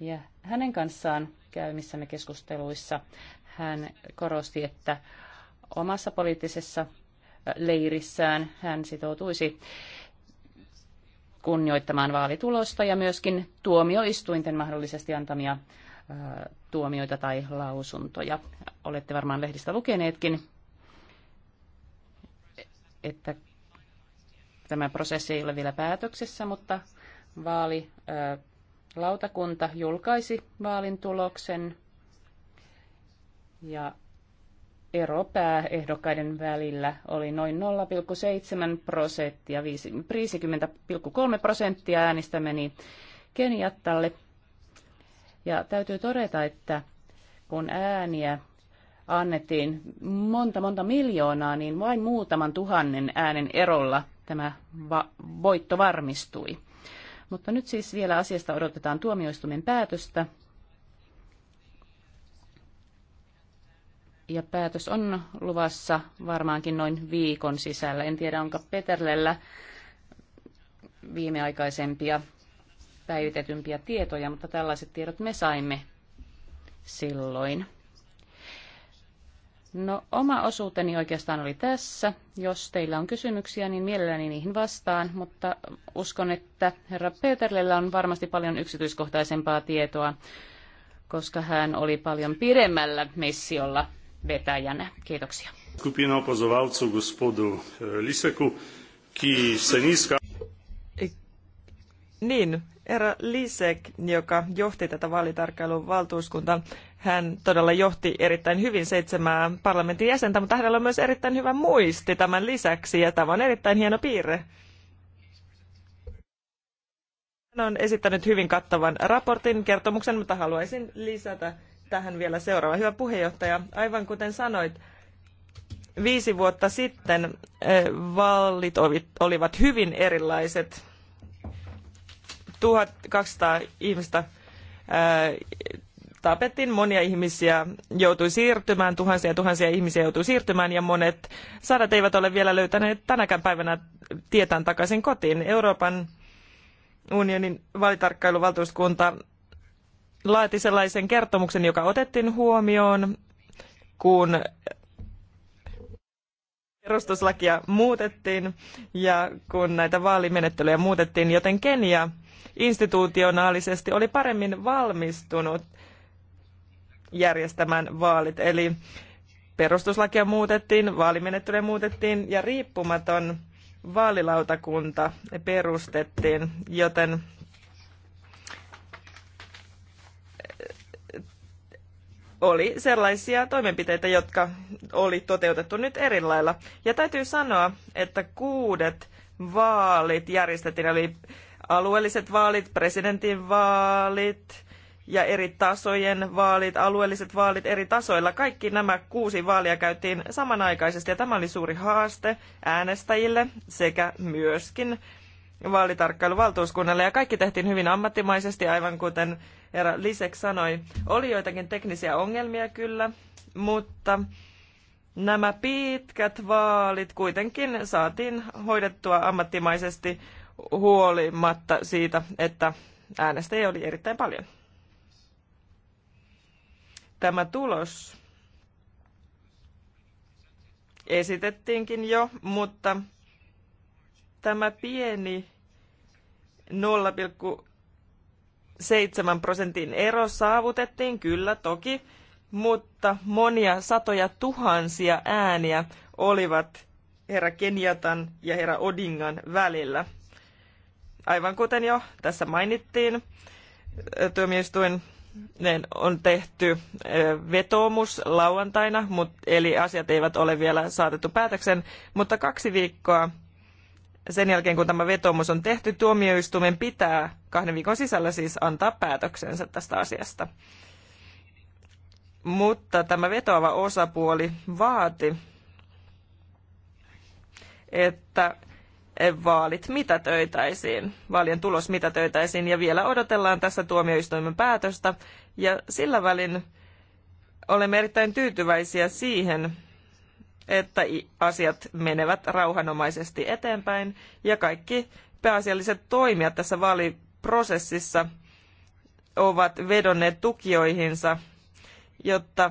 Speaker 1: Ja hänen kanssaan käymissämme keskusteluissa hän korosti, että omassa poliittisessa leirissään hän sitoutuisi kunnioittamaan vaalitulosta ja myöskin tuomioistuinten mahdollisesti antamia Äh, tuomioita tai lausuntoja. Olette varmaan lehdistä lukeneetkin, että tämä prosessi ei ole vielä päätöksessä, mutta vaalilautakunta äh, julkaisi vaalin tuloksen ja ero pääehdokkaiden välillä oli noin 0,7 prosenttia, 50,3 prosenttia äänistä meni Keniattalle ja täytyy todeta, että kun ääniä annettiin monta monta miljoonaa, niin vain muutaman tuhannen äänen erolla tämä va- voitto varmistui. Mutta nyt siis vielä asiasta odotetaan tuomioistuimen päätöstä. Ja päätös on luvassa varmaankin noin viikon sisällä. En tiedä, onko Peterlellä viimeaikaisempia päivitetympiä tietoja, mutta tällaiset tiedot me saimme silloin. No oma osuuteni oikeastaan oli tässä. Jos teillä on kysymyksiä, niin mielelläni niihin vastaan, mutta uskon, että herra Peterlellä on varmasti paljon yksityiskohtaisempaa tietoa, koska hän oli paljon pidemmällä missiolla vetäjänä. Kiitoksia.
Speaker 2: Skupina opozovalcu gospodu eh, Liseku, ki se niska...
Speaker 4: Niin, Era Lisek, joka johti tätä vaalitarkkailun valtuuskuntaa, hän todella johti erittäin hyvin seitsemää parlamentin jäsentä, mutta hänellä on myös erittäin hyvä muisti tämän lisäksi, ja tämä on erittäin hieno piirre. Hän on esittänyt hyvin kattavan raportin kertomuksen, mutta haluaisin lisätä tähän vielä seuraava. Hyvä puheenjohtaja, aivan kuten sanoit, viisi vuotta sitten eh, vallit olivat hyvin erilaiset 1200 ihmistä ää, tapettiin, monia ihmisiä joutui siirtymään, tuhansia ja tuhansia ihmisiä joutui siirtymään ja monet sadat eivät ole vielä löytäneet tänäkään päivänä tietään takaisin kotiin. Euroopan unionin vaalitarkkailuvaltuuskunta laati sellaisen kertomuksen, joka otettiin huomioon, kun perustuslakia muutettiin ja kun näitä vaalimenettelyjä muutettiin, joten Kenia – institutionaalisesti oli paremmin valmistunut järjestämään vaalit. Eli perustuslakia muutettiin, vaalimenettelyä muutettiin ja riippumaton vaalilautakunta perustettiin, joten eh, oli sellaisia toimenpiteitä, jotka oli toteutettu nyt eri lailla. Ja täytyy sanoa, että kuudet vaalit järjestettiin, eli alueelliset vaalit, presidentinvaalit ja eri tasojen vaalit, alueelliset vaalit eri tasoilla. Kaikki nämä kuusi vaalia käytiin samanaikaisesti ja tämä oli suuri haaste äänestäjille sekä myöskin vaalitarkkailuvaltuuskunnalle ja kaikki tehtiin hyvin ammattimaisesti, aivan kuten herra Lisek sanoi. Oli joitakin teknisiä ongelmia kyllä, mutta nämä pitkät vaalit kuitenkin saatiin hoidettua ammattimaisesti huolimatta siitä, että äänestäjiä oli erittäin paljon. Tämä tulos esitettiinkin jo, mutta tämä pieni 0,7 prosentin ero saavutettiin kyllä toki, mutta monia satoja tuhansia ääniä olivat herra Kenjatan ja herra Odingan välillä. Aivan kuten jo tässä mainittiin, tuomioistuin on tehty vetoomus lauantaina, eli asiat eivät ole vielä saatettu päätöksen, mutta kaksi viikkoa sen jälkeen, kun tämä vetoomus on tehty, tuomioistuimen pitää kahden viikon sisällä siis antaa päätöksensä tästä asiasta. Mutta tämä vetoava osapuoli vaati, että vaalit mitätöitäisiin, vaalien tulos mitätöitäisiin ja vielä odotellaan tässä tuomioistuimen päätöstä ja sillä välin olemme erittäin tyytyväisiä siihen, että asiat menevät rauhanomaisesti eteenpäin ja kaikki pääasialliset toimijat tässä vaaliprosessissa ovat vedonneet tukijoihinsa, jotta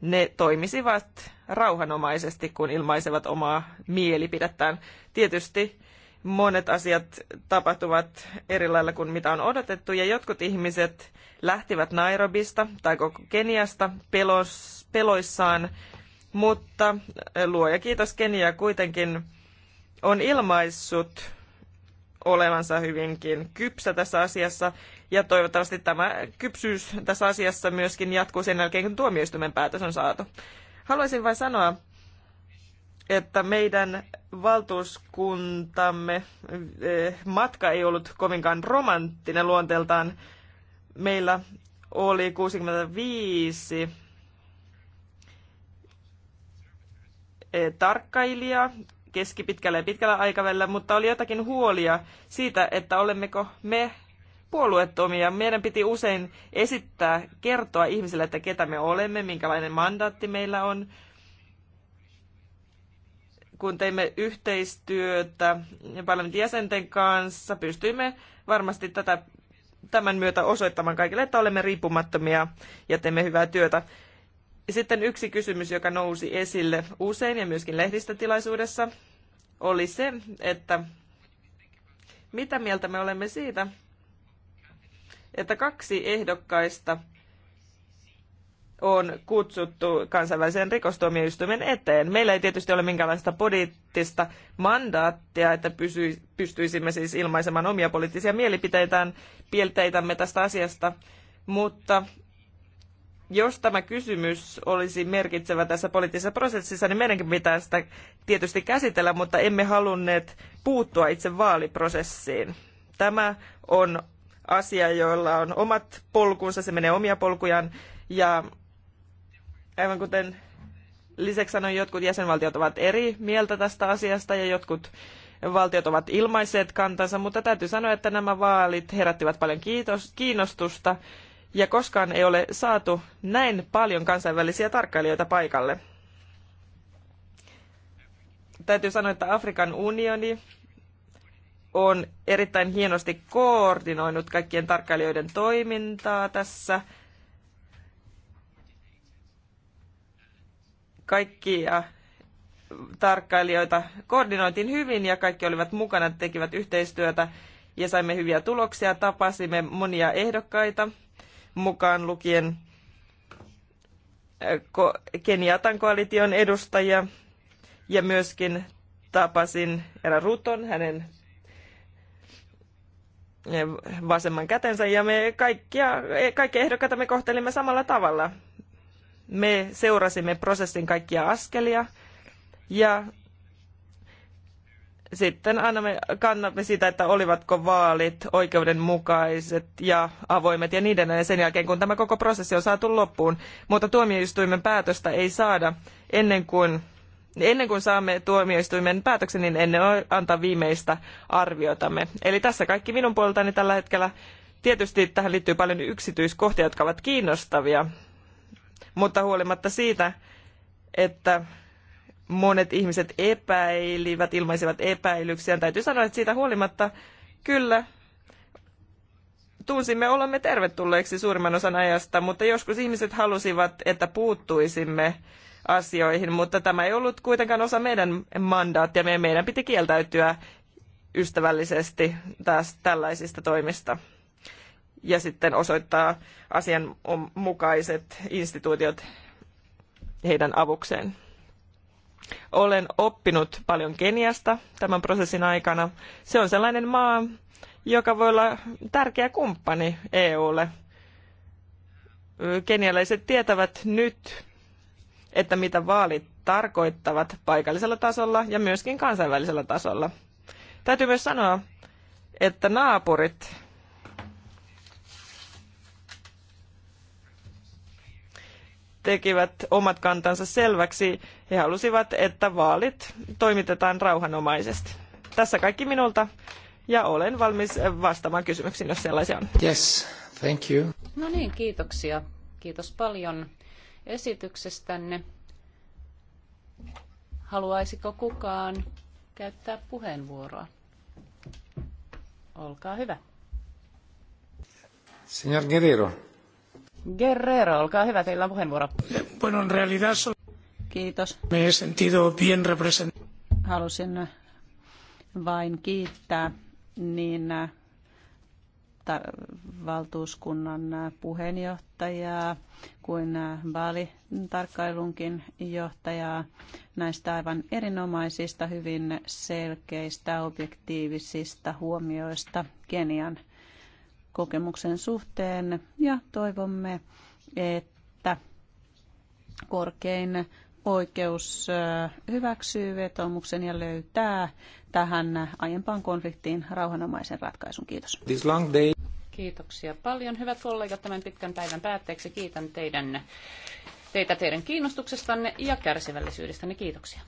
Speaker 4: ne toimisivat rauhanomaisesti, kun ilmaisevat omaa mielipidettään. Tietysti monet asiat tapahtuvat eri lailla kuin mitä on odotettu, ja jotkut ihmiset lähtivät Nairobista tai koko Keniasta pelos, peloissaan, mutta äh, luoja kiitos Kenia kuitenkin on ilmaissut olevansa hyvinkin kypsä tässä asiassa, ja toivottavasti tämä kypsyys tässä asiassa myöskin jatkuu sen jälkeen, kun tuomioistuimen päätös on saatu. Haluaisin vain sanoa, että meidän valtuuskuntamme eh, matka ei ollut kovinkaan romanttinen luonteeltaan. Meillä oli 65 eh, tarkkailijaa keskipitkällä ja pitkällä aikavälillä, mutta oli jotakin huolia siitä, että olemmeko me puolueettomia. Meidän piti usein esittää, kertoa ihmisille, että ketä me olemme, minkälainen mandaatti meillä on, kun teimme yhteistyötä paljon jäsenten kanssa, pystyimme varmasti tätä, tämän myötä osoittamaan kaikille, että olemme riippumattomia ja teemme hyvää työtä. Sitten yksi kysymys, joka nousi esille usein ja myöskin lehdistötilaisuudessa, oli se, että mitä mieltä me olemme siitä, että kaksi ehdokkaista – on kutsuttu kansainvälisen rikostuomioistuimen eteen. Meillä ei tietysti ole minkäänlaista poliittista mandaattia, että pystyisimme siis ilmaisemaan omia poliittisia mielipiteitään, pielteitämme tästä asiasta, mutta jos tämä kysymys olisi merkitsevä tässä poliittisessa prosessissa, niin meidänkin pitää sitä tietysti käsitellä, mutta emme halunneet puuttua itse vaaliprosessiin. Tämä on asia, jolla on omat polkunsa, se menee omia polkujaan, ja Aivan kuten lisäksi sanoin, jotkut jäsenvaltiot ovat eri mieltä tästä asiasta ja jotkut valtiot ovat ilmaisseet kantansa, mutta täytyy sanoa, että nämä vaalit herättivät paljon kiitos, kiinnostusta ja koskaan ei ole saatu näin paljon kansainvälisiä tarkkailijoita paikalle. Täytyy sanoa, että Afrikan unioni on erittäin hienosti koordinoinut kaikkien tarkkailijoiden toimintaa tässä kaikkia tarkkailijoita koordinoitiin hyvin ja kaikki olivat mukana, tekivät yhteistyötä ja saimme hyviä tuloksia. Tapasimme monia ehdokkaita mukaan lukien äh, Keniatan koalition edustajia ja myöskin tapasin erä Ruton, hänen äh, vasemman kätensä ja me kaikkia, kaikki ehdokkaita me kohtelimme samalla tavalla. Me seurasimme prosessin kaikkia askelia ja sitten annamme, kannamme sitä, että olivatko vaalit oikeudenmukaiset ja avoimet ja niin edelleen sen jälkeen, kun tämä koko prosessi on saatu loppuun. Mutta tuomioistuimen päätöstä ei saada ennen kuin, ennen kuin saamme tuomioistuimen päätöksen, niin ennen antaa viimeistä arviotamme. Eli tässä kaikki minun puoleltani tällä hetkellä. Tietysti tähän liittyy paljon yksityiskohtia, jotka ovat kiinnostavia mutta huolimatta siitä, että monet ihmiset epäilivät, ilmaisivat epäilyksiä. Täytyy sanoa, että siitä huolimatta kyllä tunsimme olemme tervetulleeksi suurimman osan ajasta, mutta joskus ihmiset halusivat, että puuttuisimme asioihin, mutta tämä ei ollut kuitenkaan osa meidän mandaattia. Meidän piti kieltäytyä ystävällisesti tästä, tällaisista toimista ja sitten osoittaa asianmukaiset instituutiot heidän avukseen. Olen oppinut paljon Keniasta tämän prosessin aikana. Se on sellainen maa, joka voi olla tärkeä kumppani EUlle. Kenialaiset tietävät nyt, että mitä vaalit tarkoittavat paikallisella tasolla ja myöskin kansainvälisellä tasolla. Täytyy myös sanoa, että naapurit tekivät omat kantansa selväksi. He halusivat, että vaalit toimitetaan rauhanomaisesti. Tässä kaikki minulta ja olen valmis vastaamaan kysymyksiin, jos sellaisia on.
Speaker 2: Yes, thank you.
Speaker 1: No niin, kiitoksia. Kiitos paljon esityksestänne. Haluaisiko kukaan käyttää puheenvuoroa? Olkaa hyvä.
Speaker 2: Signor Guerrero.
Speaker 1: Guerrero, olkaa hyvä, teillä on puheenvuoro. Bueno, en realidad
Speaker 3: Kiitos.
Speaker 2: Me he sentido bien representado.
Speaker 3: Halusin vain kiittää niin valtuuskunnan puheenjohtajaa kuin vaalitarkkailunkin johtajaa näistä aivan erinomaisista, hyvin selkeistä, objektiivisista huomioista Kenian kokemuksen suhteen ja toivomme, että korkein oikeus hyväksyy vetomuksen ja löytää tähän aiempaan konfliktiin rauhanomaisen ratkaisun. Kiitos. Kiitoksia paljon. Hyvät kollegat, tämän pitkän päivän päätteeksi kiitän teidän,
Speaker 1: teitä teidän kiinnostuksestanne ja kärsivällisyydestänne. Kiitoksia.